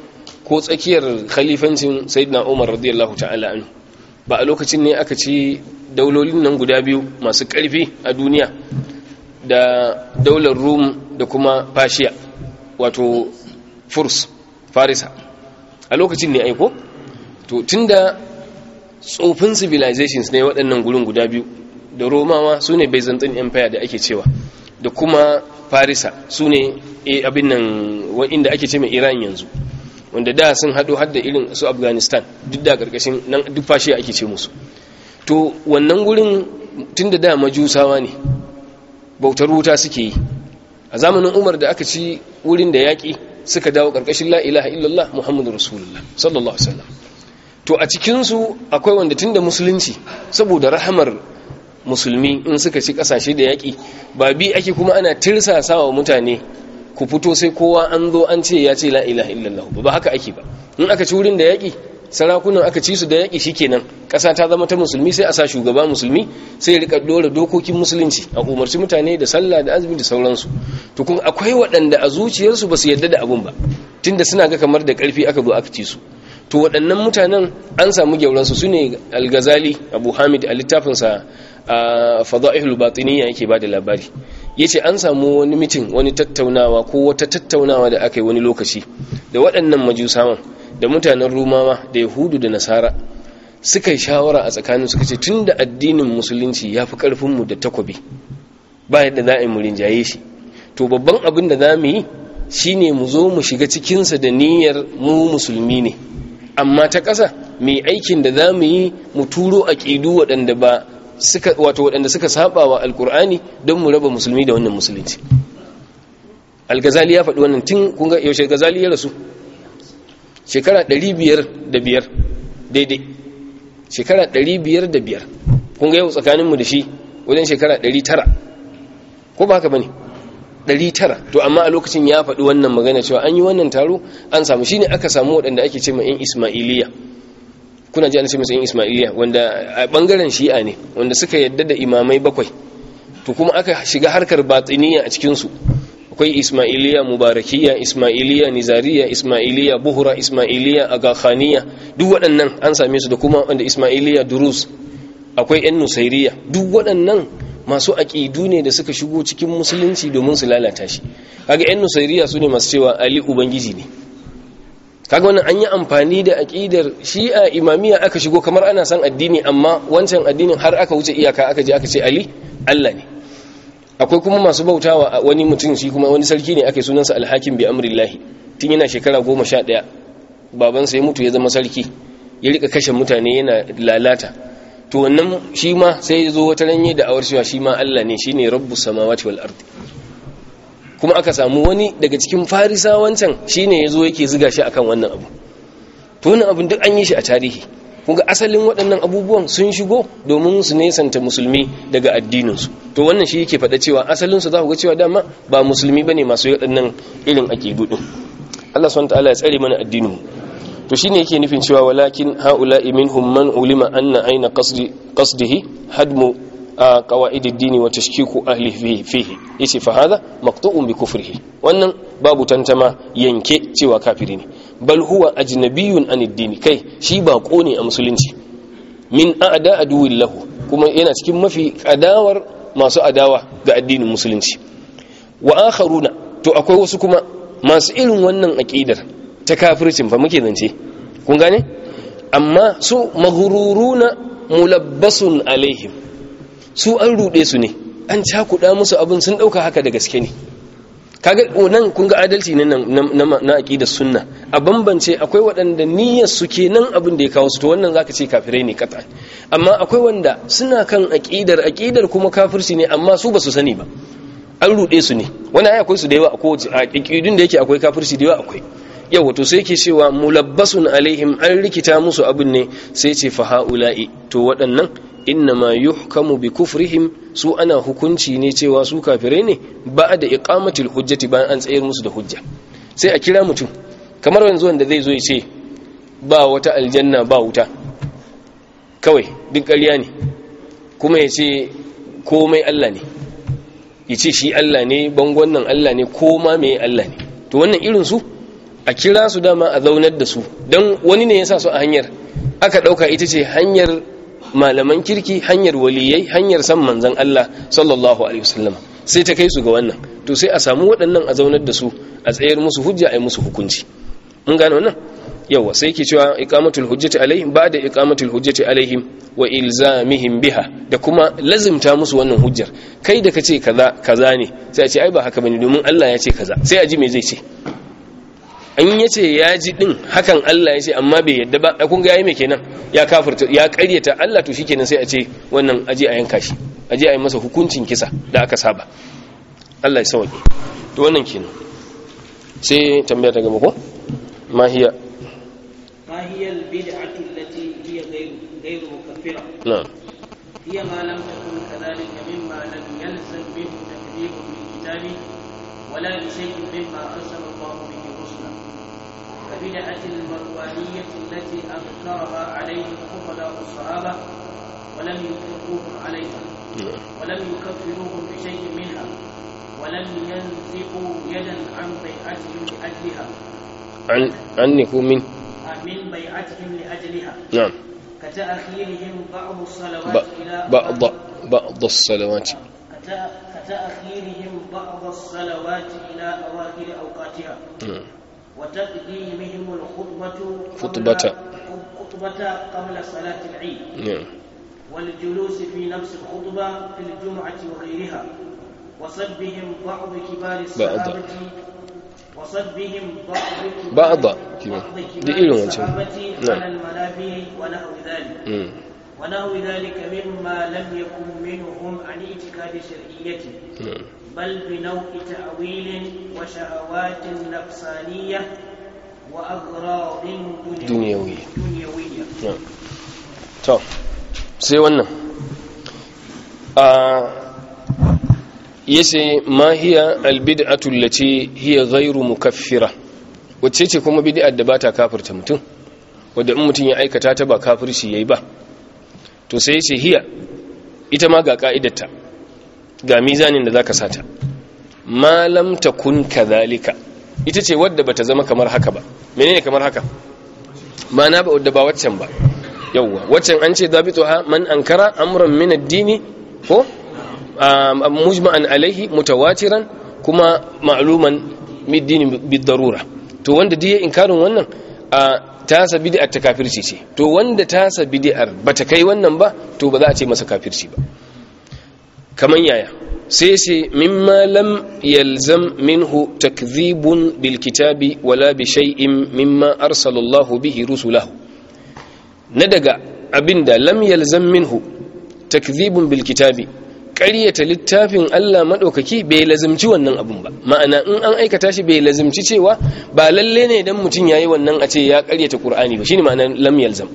ko tsakiyar khalifancin sayyidina umar radiyallahu ta'ala anhu ba a lokacin ne aka ci daulolin nan guda biyu masu ƙarfi a duniya da daular rum da kuma fashiya wato furs farisa a lokacin ne aiko to tunda tsofin civilizations ne waɗannan gurin guda biyu da romawa su ne byzantine empire da ake cewa da kuma farisa su ne eh, abin nan inda ake ce mai iran yanzu wanda da sun haɗo hadda irin su afghanistan duk da ƙarƙashin nan duk fashe ake ce musu to wannan gurin tun da da majusawa ne bautar wuta suke yi a zamanin umar da aka ci wurin da yaƙi suka dawo ƙarƙashin la'ilaha illallah muhammadu rasulullah sallallahu alaihi to a cikinsu akwai wanda tun da musulunci saboda rahamar musulmi in suka ci ƙasashe da yaƙi ba bi ake kuma ana tirsasawa mutane ku fito sai kowa an zo an ce ya ce la ilaha illallah ba haka ake ba in aka ci wurin da yaƙi sarakunan aka ci su da yaƙi shikenan ƙasa ta zama ta musulmi sai a sa shugaba musulmi sai rika dora dokokin musulunci a umarci mutane da sallah da azumi da sauransu to kun akwai waɗanda a zuciyarsu ba su yarda da abun ba tunda suna ga kamar da ƙarfi aka zo aka ci su to waɗannan mutanen an samu gyauransu su ne Al-Ghazali, abu hamid a littafinsa a fada'ihul batiniya yake ba da labari ya ce an samu wani mitin wani tattaunawa ko wata tattaunawa da aka yi wani lokaci da waɗannan majusawan da mutanen rumawa da yahudu da nasara suka shawara a tsakanin suka ce tun da addinin musulunci ya fi ƙarfinmu da takobi ba yadda za a yi mu rinjaye shi to babban abin da za mu yi shi ne mu zo mu shiga cikinsa da niyyar mu musulmi ne amma ta ƙasa mai aikin da za mu yi mu turo a aƙidu waɗanda ba suka wato waɗanda suka saba wa alkur'ani don mu raba musulmi da wannan musulunci al-ghazali ya faɗi wannan tun kun ga yaushe ghazali ya rasu shekara da 505 daidai shekara 505 kun ga yau tsakanin mu da shi wajen shekara 900 ko ba haka bane 900 to amma a lokacin ya faɗi wannan magana cewa an yi wannan taro an samu shine aka samu waɗanda ake ce ma in ismailiya kuna ji ana ce musu ismailiya wanda a bangaren shi'a ne wanda suka yadda da imamai bakwai to kuma aka shiga harkar batiniya a cikin su akwai ismailiya mubarakiya ismailiya nizariya ismailiya buhura ismailiya agakhaniya duk waɗannan an same su da kuma wanda ismailiya durus akwai yan nusairiya duk waɗannan masu aƙidu ne da suka shigo cikin musulunci domin su lalata shi kaga yan nusairiya su ne masu cewa ali ubangiji ne kaga wannan an yi amfani da aqidar shi'a imamiya aka shigo kamar ana san addini amma wancan addinin har aka wuce iyaka aka je aka ce ali Allah ne akwai kuma masu bautawa wani mutum shi kuma wani sarki ne ake sunansa hakim bi amrillahi tun yana shekara goma sha ɗaya babansa ya mutu ya zama sarki ya rika kashe mutane yana lalata to wannan shi ma sai ya zo wata ranye da awarshiwa shi ma Allah ne shine rabbus samawati wal ardi kuma aka samu wani daga cikin farisa wancan shine yazo yake ziga shi akan wannan abu to wannan abin duk an yi shi a tarihi kunga asalin waɗannan abubuwan sun shigo domin su nesanta musulmi daga addininsu to wannan shi yake faɗa cewa asalinsu za ku ga cewa dama ba musulmi bane ne masu waɗannan irin ake gudu Allah ta'ala ya tsare mana addinin to shine yake nufin cewa walakin haula'i minhum man ulima anna aina qasdihi hadmu qawaid ad-din wa tashkiku ahlihi fihi yace fa hadha bi kufrihi wannan babu tantama yanke cewa kafiri ne bal huwa ajnabiyyun an ad kai shi ba kone a musulunci min a'da aduwillahu kuma yana cikin mafi adawar masu adawa ga addinin musulunci wa akharuna to akwai wasu kuma masu irin wannan aƙidar ta kafircin fa muke zance kun gane amma su maghururuna mulabbasun alaihim su an ruɗe su ne an cakuɗa musu abin sun ɗauka haka da gaske ne kaga oh, nan kun ga adalci ne na aqidar sunna a bambance akwai waɗanda niyyar su nan abin da ya kawo su to wannan zaka ce kafirai ne kata amma akwai wanda suna kan aqidar aqidar kuma kafirci ne amma su basu sani ba an rude su ne wani ai akwai su da yawa a kowace aqidun da yake akwai kafirci da yawa akwai yau wato sai yake cewa mulabbasun alaihim an rikita musu abin ne sai ce fa haula'i to waɗannan innama yuhkamu bi kufrihim su ana hukunci ne cewa su kafirai ne ba da iqamatil hujjati ba an tsayar musu da hujja sai a kira mutum kamar yanzu wanda zai zo ya ce ba wata aljanna ba wuta kawai duk ƙarya ne kuma ya ce komai Allah ne ya ce shi Allah ne bangon nan Allah ne koma mai Allah ne to wannan irin su a kira su dama a zaunar da su don wani ne ya sa su a hanyar aka ɗauka ita ce hanyar malaman kirki hanyar waliyai hanyar san manzan Allah sallallahu alaihi wasallam sai ta kai su ga wannan to sai a samu waɗannan a zaunar da su a tsayar musu hujja a yi musu hukunci mun gane wannan yawa sai ke cewa iqamatul hujjati alaihim ba'da iqamatul hujjati alaihim wa ilzamihim biha da kuma lazimta musu wannan hujjar kai da kace kaza kaza ne sai a ce ai ba haka bane domin Allah ya ce kaza sai a ji me zai ce an ya ce ya ji din hakan Allah ya ce amma bai yadda ba a ga yayi me kenan ya kafirta ya ƙaryata Allah to kenan sai a ce wannan aji a yanka shi aji a yi masa hukuncin kisa da aka saba Allah ya ke. to wannan kenan sai tambaya ta gaba ko mahiya hiya ma hiya al bid'atu allati hiya ghayru ghayru mukaffira na'am ma lam takun kadhalika mimma lam yalzam bihi takfirun min kitabi wala bi shay'in mimma كبدعة المروانية التي أنكرها عليهم خفلاء الصحابة ولم يطلقوهم عليها ولم يكفروهم بشيء منها ولم ينزقوا يدا عن بيعتهم لأجلها عن عنكم من؟ آه، من بيعتهم لأجلها نعم كتأخيرهم بعض الصلوات ب... إلى بعض بعض الصلوات كتأخيرهم بعض الصلوات إلى أواخر أوقاتها نعم وتقديمهم الخطبة خطبة خطبة قبل صلاة العيد نعم والجلوس في نفس الخطبة في الجمعة وغيرها وصبهم بعض كبار الصحابة وصبهم بعض كبار, بعض كبار الصحابة على نعم. المنابر ونحو ذلك ونحو ذلك مما لم يكن منهم عن اعتقاد شرعيته بل بنوع تأويل وشهوات نفسانية وأغراض دنيوية دنيوية طب sai wannan yace ma hiya albid'atu lati hiya ghairu mukaffira wacce ce kuma bid'ar da bata kafirta mutum wanda in mutum ya aikata ta ba kafirci yayi ba to sai ce hiya ita ma ga ka'idarta ga mizanin da zaka sata ma lam takun zalika. ita ce wadda bata zama kamar haka ba menene kamar haka na ba wadda ba waccan ba yawwa waccan an ce dabituha man ankara amran min ad-dini ko mujma'an alaihi mutawatiran kuma ma'luman mid-dini bid-darura to wanda diye inkarin wannan a tasa bid'a ta kafirci ce to wanda tasa bid'ar bata kai wannan ba to ba za a ce masa kafirci ba kaman yaya sai ce mimma lam yalzam minhu takdhibun bil kitabi wala bi shay'in mimma arsalallahu bihi rusulahu na daga abinda lam yalzam minhu takdhibun bil kitabi ƙaryata littafin Allah maɗaukaki bai lazimci wannan abun ba ma'ana in an aikata shi bai lazimci cewa ba lalle ne idan mutum ya yi wannan a ce ya karyata ƙur'ani ba shine ma'ana lam yalzam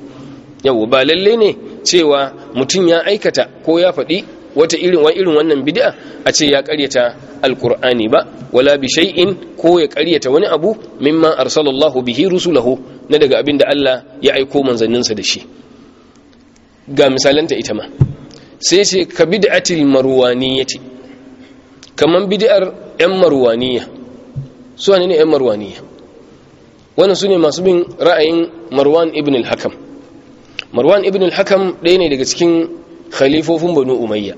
yau ba lalle ne cewa mutum ya aikata ko ya faɗi wata irin wa irin wannan bid'a a ce ya ƙaryata alkur'ani ba wala bi shay'in ko ya karyata wani abu mimma arsalallahu bihi rusulahu na daga abin da Allah ya aiko manzanninsa da shi ga misalanta ita ma sai ce ka bid'atil marwaniyati kaman bid'ar yan marwaniya su ne yan marwaniya wannan su ne masu bin ra'ayin marwan ibn al-hakam marwan ibn al-hakam ɗaya ne daga cikin khalifofin banu umayya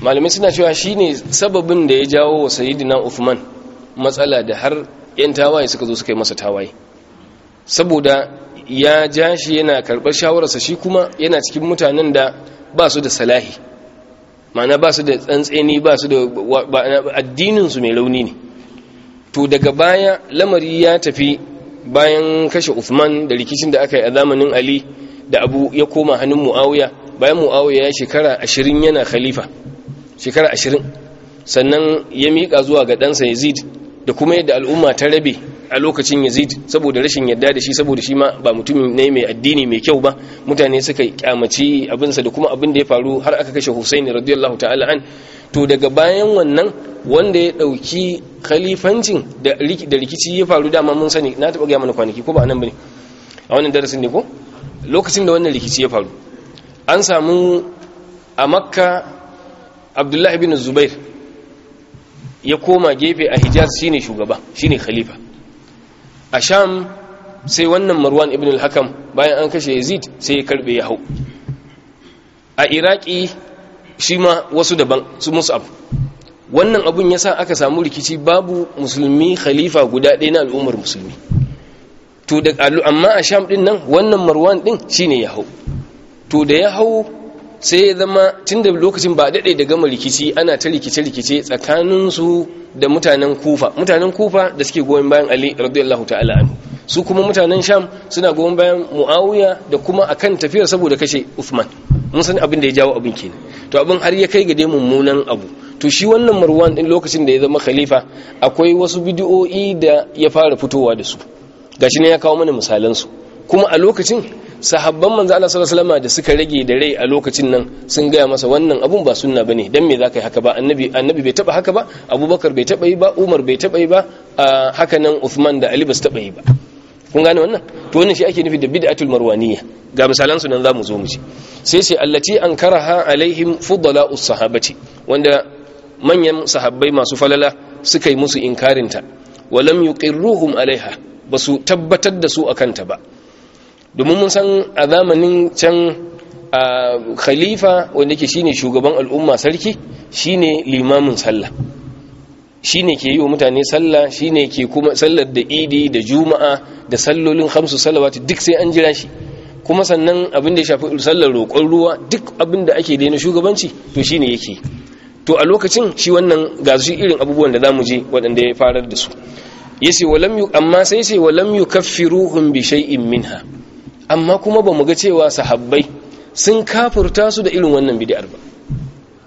malamai suna cewa ne sababin da ya jawo wa sayyidina uthman matsala da har yan tawaye suka zo suka yi masa tawaye saboda ya ja shi yana karɓar shawararsa shi kuma yana cikin mutanen da ba su da salahi ma'ana ba su da tsantseni ba su da addininsu mai launi ne to daga baya lamari ya tafi bayan kashe Uthman da rikicin da aka yi a zamanin Ali da abu ya koma hannun Muawiya bayan Muawiya ya shekara ashirin yana khalifa shekara ashirin sannan ya miƙa zuwa ga ɗansa Yazid da kuma yadda al'umma ta rabe a lokacin yazid saboda rashin yadda da shi saboda shi ma ba mutumin ne mai addini mai kyau ba mutane suka kyamaci abinsa da kuma abin da ya faru har aka kashe husaini radiyallahu ta'ala an to daga bayan wannan wanda ya dauki khalifancin da rikici ya faru dama mun sani na taba gaya mana kwanaki ko ba nan bane a wannan darasin ne ko lokacin da wannan rikici ya faru an samu a makka abdullahi bin zubair ya koma gefe a hijaz shine shugaba shine khalifa a sham sai wannan marwan ibn al-hakam bayan an kashe yazid sai ya karbe ya hau a iraki shi ma wasu daban su mus'ab wannan abun ya sa aka samu rikici babu musulmi khalifa guda ɗaya na al'ummar musulmi to da amma a sham ɗin nan wannan marwan ɗin shine ya hau to da ya hau sai ya zama tun da lokacin ba daɗe da gama rikici ana ta rikice-rikice tsakaninsu da mutanen kufa mutanen kufa da suke goyon bayan ali radiyallahu ta'ala anhu su kuma mutanen sham suna goyon bayan muawiya da kuma akan tafiyar saboda kashe usman mun san abin da ya jawo abin kenan to abin har ya kai ga dai mummunan abu to shi wannan marwan din lokacin da ya zama khalifa akwai wasu bidiyo'i da ya fara fitowa da su gashi ne ya kawo mana misalan su kuma a lokacin sahabban manzo Allah sallallahu alaihi wasallam da suka rage da rai a lokacin nan sun gaya masa wannan abun ba sunna bane dan me zaka yi haka ba annabi annabi bai taba haka ba abubakar bai taba yi ba umar bai taba yi ba haka nan uthman da ali basu taba yi ba kun gane wannan to wannan shi ake nufi da bid'atul marwaniyya ga misalan su nan zamu zo mu ci sai sai allati ankaraha alaihim fudala sahabati wanda manyan sahabbai masu falala suka yi musu inkarinta walam yuqirruhum alaiha basu tabbatar da su ta ba domin mun san a zamanin can khalifa wanda ke shine shugaban al'umma sarki shine limamin sallah shine ke yi wa mutane sallah shine ke kuma sallar da idi da juma'a da sallolin hamsu salawatu duk sai an jira shi kuma sannan abin da ya shafi sallar roƙon ruwa duk abin da ake daina shugabanci to shine yake to a lokacin shi wannan ga su irin abubuwan da zamu je waɗanda ya farar da su yace walam yu amma sai sai walam yukaffiruhum bi shay'in minha amma kuma ba mu ga cewa sahabbai sun kafurta su da irin wannan bid'ar ba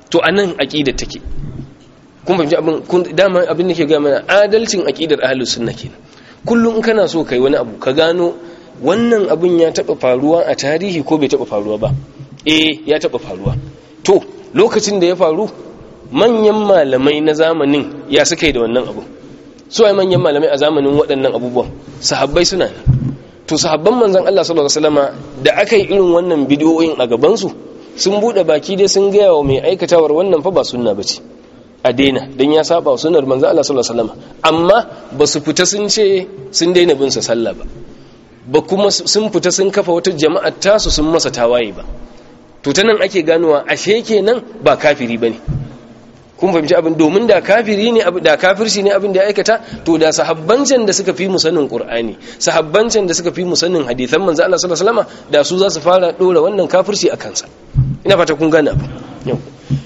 to anan aqida take kun fahimci abin kun dama abin da ke ga mana adalcin aqidar ahlus sunna kenan kullum in kana so kai wani abu ka gano wannan abin ya taba faruwa a tarihi ko bai taba faruwa ba eh ya taba faruwa to lokacin da ya faru manyan malamai na zamanin ya suka yi da wannan abu su ai manyan malamai a zamanin waɗannan abubuwan sahabbai suna ne to sahabban manzon Allah sallallahu alaihi wasallama da aka yi irin wannan bidiyoyin a gaban su sun bude baki dai sun gaya wa mai aikatawar wannan fa ba sunna bace a daina dan ya saba sunnar manzan Allah sallallahu alaihi wasallam amma ba su fita sun ce sun daina bin sa sallah ba ba kuma sun fita sun kafa wata jama'a tasu sun masa tawaye ba to tanan ake ganowa ashe kenan ba kafiri bane kun fahimci abin domin da kafiri ne da kafirci ne abin da ya aikata to da sahabbancin da suka fi mu sanin qur'ani sahabbancin da suka fi mu sanin hadisan manzo Allah sallallahu alaihi wasallam da su za su fara dora wannan kafirci a kansa ina fata kun gane abu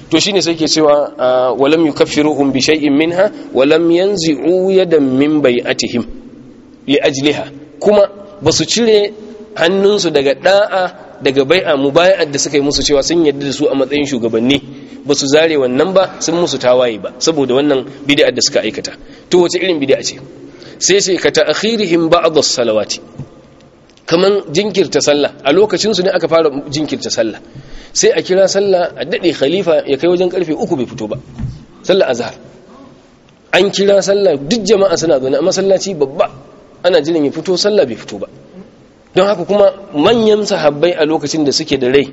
to shine sai ke cewa walam yukaffiruhum bi shay'in minha walam yanzi'u yadan min bai'atihim li ajliha kuma basu cire hannunsu daga da'a daga bai'a mubaya'at da suka yi musu cewa sun yarda da su a matsayin shugabanni ba su zare wannan ba sun musu tawaye ba saboda wannan bid'a da suka aikata to wace irin bid'a ce sai sai ka ta'khirihim ba'd as-salawati kaman jinkirta sallah a lokacin su ne aka fara jinkirta sallah sai a kira sallah a dade khalifa ya kai wajen karfe 3 bai fito ba sallah azhar an kira sallah duk jama'a suna zaune a masallaci babba ana jiran ya fito sallah bai fito ba don haka kuma manyan sahabbai a lokacin da suke da rai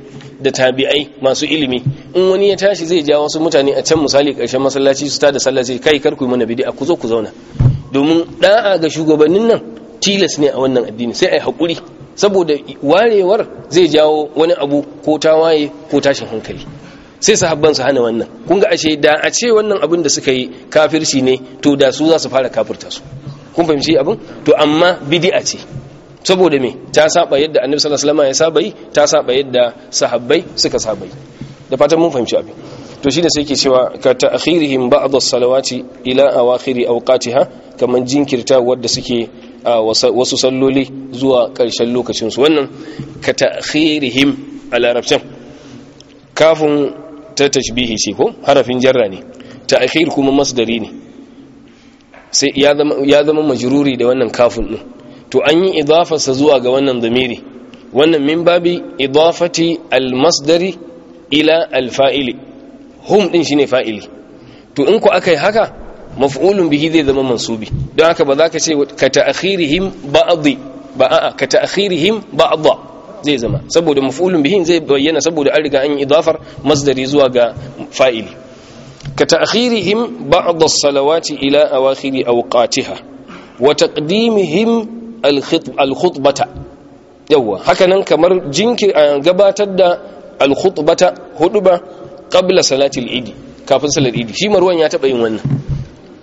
da tabi'ai masu ilimi in wani ya tashi zai ja wasu mutane a can misali karshen masallaci su tada sallaci kai kar ku yi mana bid'a ku zo ku zauna domin da'a ga shugabannin nan tilas ne a wannan addini sai ai hakuri saboda warewar zai jawo wani abu ko tawaye ko tashin hankali sai sahabban su hana wannan kun ga ashe da a ce wannan abin da suka yi kafirci ne to da su za su fara kafirta su kun fahimci abin to amma bidi'a ce saboda me ta saba yadda annabi sallallahu alaihi wasallam ya saba yi ta saba yadda sahabbai suka saba yi da fatan mun fahimci abin to shine sai yake cewa ka ta'khirihim ba'd as-salawati ila awakhiri awqatiha kaman jinkirta wadda suke a wasu salloli zuwa karshen lokacinsu. wannan ka ta'khirihim a larabcin kafin ta tashbihi ce ko harafin jarra ne ta'khir kuma masdari ne sai ya zama majruri da wannan kafin din to an yi idafarsa zuwa ga wannan zamiri wannan min babi idafati almasdari ila alfa'ili hum din shine fa'ili to in ku akai haka maf'ulun bihi zai zama mansubi don haka ba za ka ce ka ta'khirihim ba'dhi ba a'a ka ta'khirihim ba'dha zai zama saboda maf'ulun bihi zai bayyana saboda an riga an yi idafar masdari zuwa ga fa'ili ka ta'khirihim ba'dha as-salawati ila awakhiri awqatiha wa taqdimihim alkhutbata yawwa hakanan kamar jinki gabatar da alkhutbata huduba qabla salatil idi kafin salat idi shi marwan ya taba yin wannan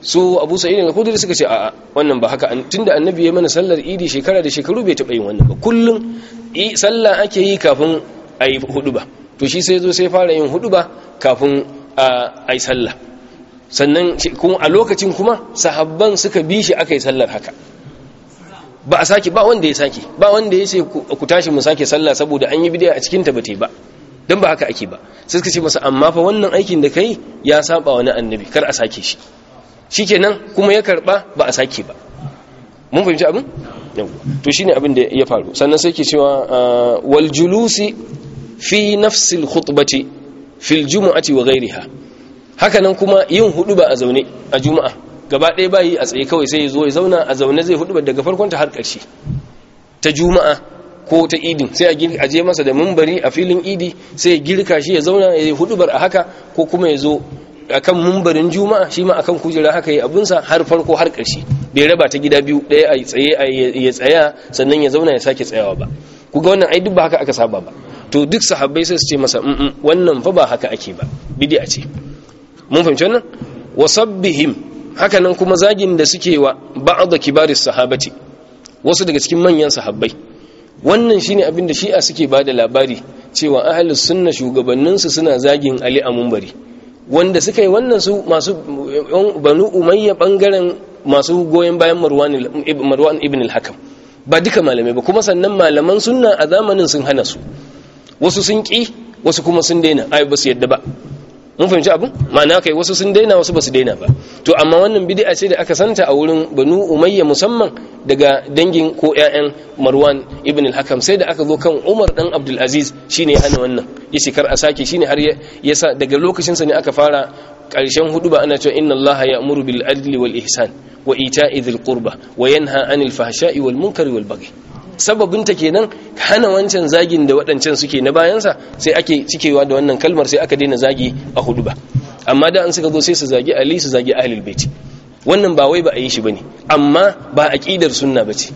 su abu sa'id al-khudri suka ce a'a wannan ba haka tunda annabi ya mana sallar idi shekara da shekaru bai taba yin wannan ba kullun salla ake yi kafin ayi ba. to shi sai zo sai fara yin huduba kafin ayi sallah sannan a lokacin kuma sahabban suka bi shi aka yi sallar haka ba a sake ba wanda ya sake ba wanda ya sai ku tashi mu sake sallah saboda an yi bidiya a cikin ta bate ba dan ba haka ake ba sai suka ce masa amma fa wannan aikin da kai ya saba wani annabi kar a sake shi shikenan kuma ya karba ba a sake ba mun fahimci abin to shine abin da ya faru sannan sai ke cewa ah, wal julusi fi nafsi al khutbati fil jumu'ati wa ghayriha hakanan kuma yin hudu ba a zaune a juma'a gaba ɗaya bayi a tsaye kawai sai ya zo ya zauna a zaune zai hudu daga farkon ta har ƙarshe ta juma'a ko ta idin sai a je masa da mumbari a filin idi sai ya girka shi ya zauna ya hudu a haka ko kuma ya zo akan mumbarin juma'a shi ma akan kujera haka yi abinsa har farko har ƙarshe bai raba ta gida biyu ɗaya a tsaye ya tsaya sannan ya zauna ya sake tsayawa ba ku ga wannan ai duk ba haka aka saba ba to duk sahabbai sai su ce masa wannan fa ba haka ake ba bid'a ce mun fahimci wannan wasabbihim hakanan kuma zagin da suke wa da kibaris sahabati wasu daga cikin manyan sahabbai wannan shine abin da shi'a suke bada labari cewa ahlus sunna shugabanninsu suna zagin ali a munbari wanda suka yi wannan su masu banu umayya bangaren masu goyon bayan marwan ibn al-hakam ba duka malamai ba kuma sannan malaman sunna a zamanin sun hana su wasu sun ki wasu kuma sun daina ai ba su yadda ba mun fahimci abin ma'ana kai wasu sun daina wasu ba su daina ba to amma wannan bid'a ce da aka santa a wurin banu umayya musamman daga dangin ko ƴaƴan marwan ibn al-hakam sai da aka zo kan umar dan abdul aziz shine ya hana wannan yace a sake shine har ya sa daga lokacin sa ne aka fara karshen hudu ba ana cewa inna allaha ya'muru bil adli wal ihsan wa ita'i dhil qurba wa yanha anil fahsha'i wal munkari wal baghi Sababin sababinta kenan hana wancan zagin da waɗancan suke na bayansa sai ake cikewa da wannan kalmar sai aka daina zagi a hudu ba amma da an suka zo sai su zagi ali su zagi ahlul bait wannan ba wai ba a yi shi bane amma ba aqidar sunna bace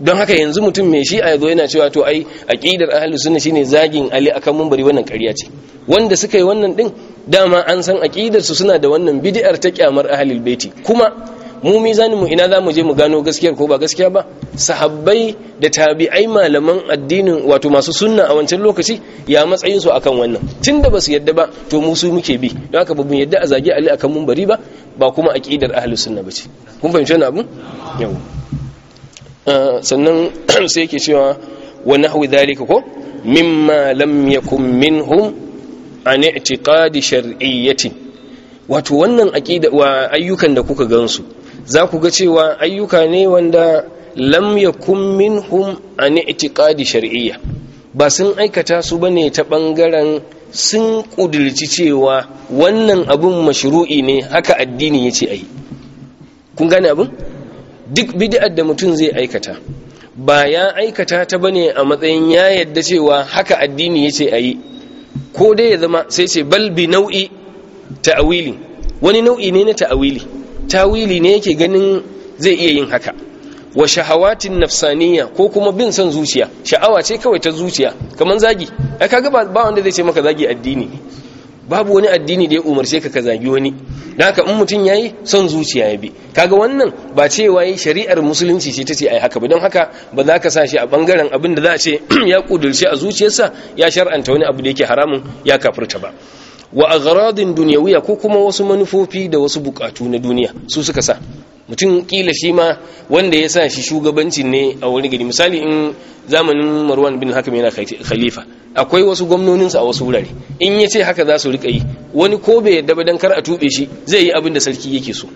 don haka yanzu mutum mai shi a yazo yana cewa to ai aqidar ahlus sunna shine zagin ali akan munbari wannan ƙarya ce wanda suka yi wannan din dama an san aqidar su suna da wannan bid'ar ta kyamar ahlul beti. kuma mu mizanin mu ina za mu je mu gano gaskiyar ko ba gaskiya ba sahabbai da tabi'ai malaman addinin wato masu sunna a wancan lokaci ya matsayin su akan wannan tunda basu yadda ba to mu su muke bi don haka babu yadda a zagi Ali akan bari ba ba kuma aqidar ahli sunna ce kun fahimci wannan abun yau ah, sannan sai yake cewa wa nahwi dhalika ko mimma lam yakum minhum an i'tiqadi shar'iyyati wato wannan aqida wa ayyukan da kuka gansu za ku ga cewa ayyuka ne wanda lam yakun minhum an i'tiqadi shar'iyya ba sun aikata su bane ta bangaren sun kudirci cewa wannan abun mashru'i ne haka addini yace ai kun gane abin duk bid'ar da mutum zai aikata ba ya aikata ta bane a matsayin ya yadda cewa haka addini yace ayi ko dai ya zama sai ce bal bi nau'i ta'awili wani nau'i ne na ta'awili tawili ne yake ganin zai iya yin haka wa shahawatin nafsaniya ko kuma bin son zuciya sha'awa ce kawai ta zuciya kamar zagi ai kaga ba wanda zai ce maka zagi addini babu wani addini da ya umarce ka ka zagi wani da haka in mutum yayi son zuciya ya bi kaga wannan ba cewa yi shari'ar musulunci ce tace ai haka ba don haka ba za ka sa shi a bangaren abin da za a ce ya kudurce a zuciyarsa ya shar'anta wani abu da yake haramun ya kafirta ba wa aghradin duniyawiya ko kuma wasu manufofi da wasu bukatu na duniya su suka sa mutum kila shi ma wanda ya sa shi shugabancin ne a wani gari misali in zamanin marwan bin haka yana khalifa akwai wasu gwamnoninsa a wasu wurare in ya ce haka za su rika yi wani ko bai yadda ba dan kar a tube shi zai yi abin da sarki yake so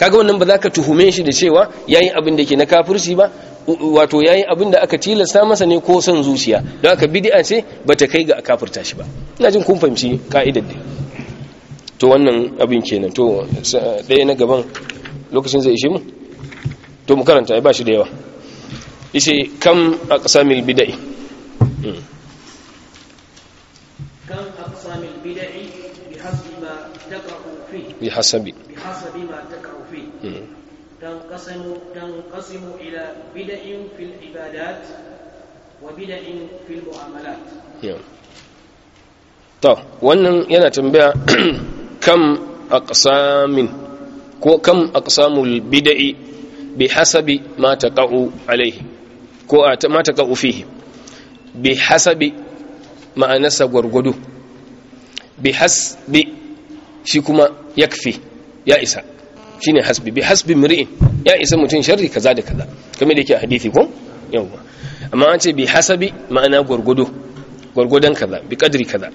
kaga wannan ba za ka tuhume shi da cewa yayin abin da ke na kafirci ba wato yayin abin da aka tilasta masa ne ko son zuciya don haka bid'a ce ta kai ga kafirta shi ba ina jin kun fahimci ka'idar da to wannan abin kenan to ɗaya na gaban lokacin zai ishe mu to mu karanta ba shi da yawa ishe kam aqsamil bid'i hmm. kam aqsamil bid'i bihasabi ma taqa fi bihasabi ma تنقسم تنقسم إلى بدع في العبادات وبدع في المعاملات to wannan yana tambaya kam aqsamin ko kam aqsamul bid'i bi hasabi ma taqa'u alayhi ko ma taqa'u fihi bi hasabi ma'anarsa gwargwado bi hasbi shi kuma yakfi ya isa shine hasbi bi hasbi mri'in ya isa mutum sharri kaza da kaza kamar da yake a hadisi ko yawa amma an ce bi hasabi ma'ana gurgudo gurgudan kaza bi kadri kaza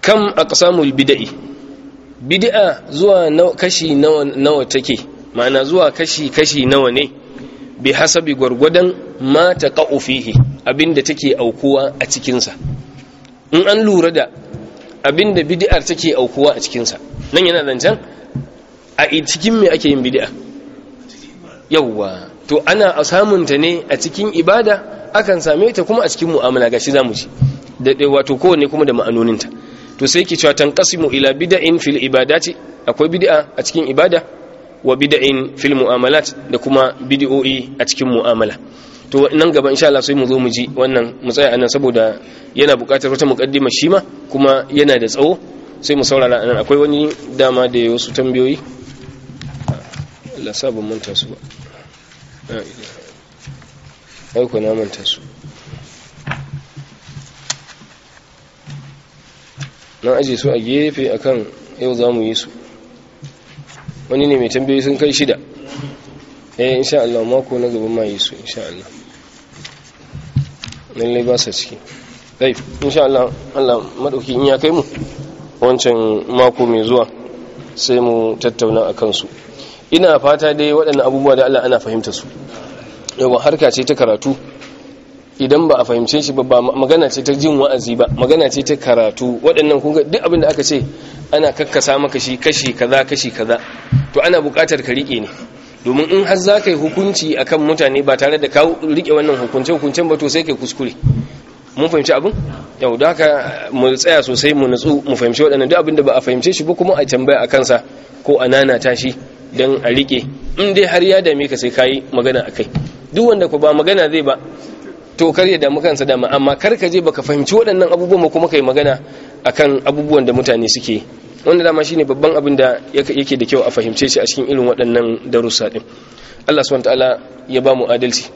kam aqsamul bid'i bid'a zuwa kashi nawa nawa take ma'ana zuwa kashi kashi nawa ne bi hasabi gurgudan ma taqa'u fihi abinda take aukuwa a cikin sa in an lura da abinda bid'ar take aukuwa a cikin sa nan yana zancan a cikin me ake yin bidi'a? yawwa to ana samun ta ne a cikin ibada akan same ta kuma a cikin mu'amala gashi zamu ci da wato kowanne kuma da ma'anoninta to sai ki cewa tanqasimu ila bid'in fil ibadati akwai bid'a a cikin ibada wa bid'in fil mu'amalat da kuma bid'o'i a cikin mu'amala to nan gaba insha Allah sai mu zo mu ji wannan mu tsaya anan saboda yana buƙatar wata muqaddima shi ma kuma yana da tsawo sai mu saurara anan akwai wani dama da wasu tambayoyi Allah sabon manta su ba aiko na manta su na aje su a gefe akan yau za mu yi su wani ne mai tambayi sun kai shida eh insha Allah mako na gaban ma yi su insha Allah lallai ba sa ciki dai insha Allah Allah madauki in ya kai mu wancan mako mai zuwa sai mu tattauna a kansu ina fata dai waɗannan abubuwa da Allah ana fahimta su yawa harka ce ta karatu idan ba a fahimce shi ba magana ce ta jin wa'azi ba magana ce ta karatu waɗannan kun ga duk abin da aka ce ana kakkasa maka shi kashi kaza kashi kaza to ana buƙatar ka rike ne domin in har za ka yi hukunci a kan mutane ba tare da ka rike wannan hukunce hukuncen ba to sai yi kuskure mun fahimci abin yau da haka mu tsaya sosai mu nutsu mu fahimci waɗannan duk abin da ba a fahimce shi ba kuma a tambaya a kansa ko a ta shi Dan a rike in dai har ya dame ka sai kayi magana akai duk wanda ku ba magana zai ba to kar ya damu kansa dama amma kar ka je baka fahimci waɗannan abubuwan kuma kai magana akan abubuwan da mutane suke wanda dama shine babban abin da yake da kyau a fahimce shi a cikin irin waɗannan darussa din Allah subhanahu wataala ya ba mu adalci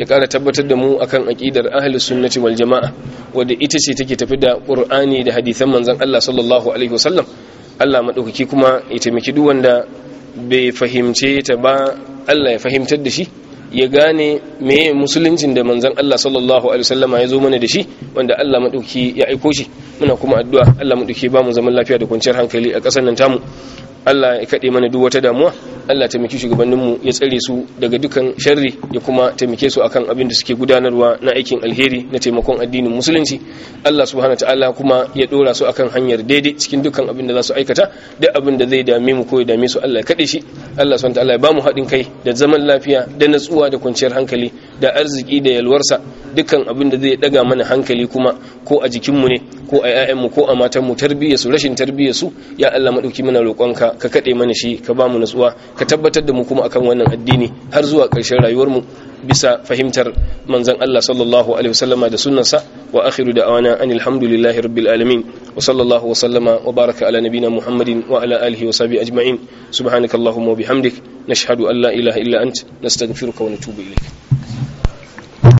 ya ƙara tabbatar da mu akan aqidar ahlus sunnati wal jama'a wadda ita ce take tafi da qur'ani da hadisan manzon Allah sallallahu alaihi wasallam Allah madaukaki kuma ya taimaki duk wanda bai fahimce ta ba Allah ya fahimtar da shi ya gane meye musuluncin da manzon Allah sallallahu alaihi wasallama ya zo mana da shi wanda Allah maɗauki ya aiko shi muna kuma addu'a Allah maɗauki ba mu zaman lafiya da kwanciyar hankali a ƙasar nan tamu Allah ya kaɗe mana duk wata damuwa Allah taimaki shugabanninmu ya tsare su daga dukan sharri ya kuma taimake su akan abin da suke gudanarwa na aikin alheri na taimakon addinin musulunci Allah subhanahu ta'ala kuma ya dora su akan hanyar daidai cikin dukan abin da za su aikata duk abin da zai dame mu ko ya dame su Allah ya kaɗe shi Allah subhanahu ta'ala ya bamu haɗin kai da zaman lafiya da natsuwa da kwanciyar hankali da arziki da yalwarsa dukkan abin da zai daga mana hankali kuma ko a jikinmu ne ko a 'ya'yanmu ko a matanmu tarbiyyar su rashin tarbiyyar su ya Allah dauki mana roƙonka ka kaɗe mana shi ka ba mu natsuwa ka tabbatar da mu kuma akan wannan addini har zuwa rayuwar mu bisa fahimtar manzon Allah sallallahu alaihi wasallama da sunnansa wa akhiru da'wana anil hamdulillahi rabbil alamin wa sallallahu wa sallama wa baraka ala nabina muhammadin wa ala alihi wa sahbihi ajma'in subhanakallahumma wa bihamdik nashhadu an la ilaha illa ant nastaghfiruka wa natubu ilayk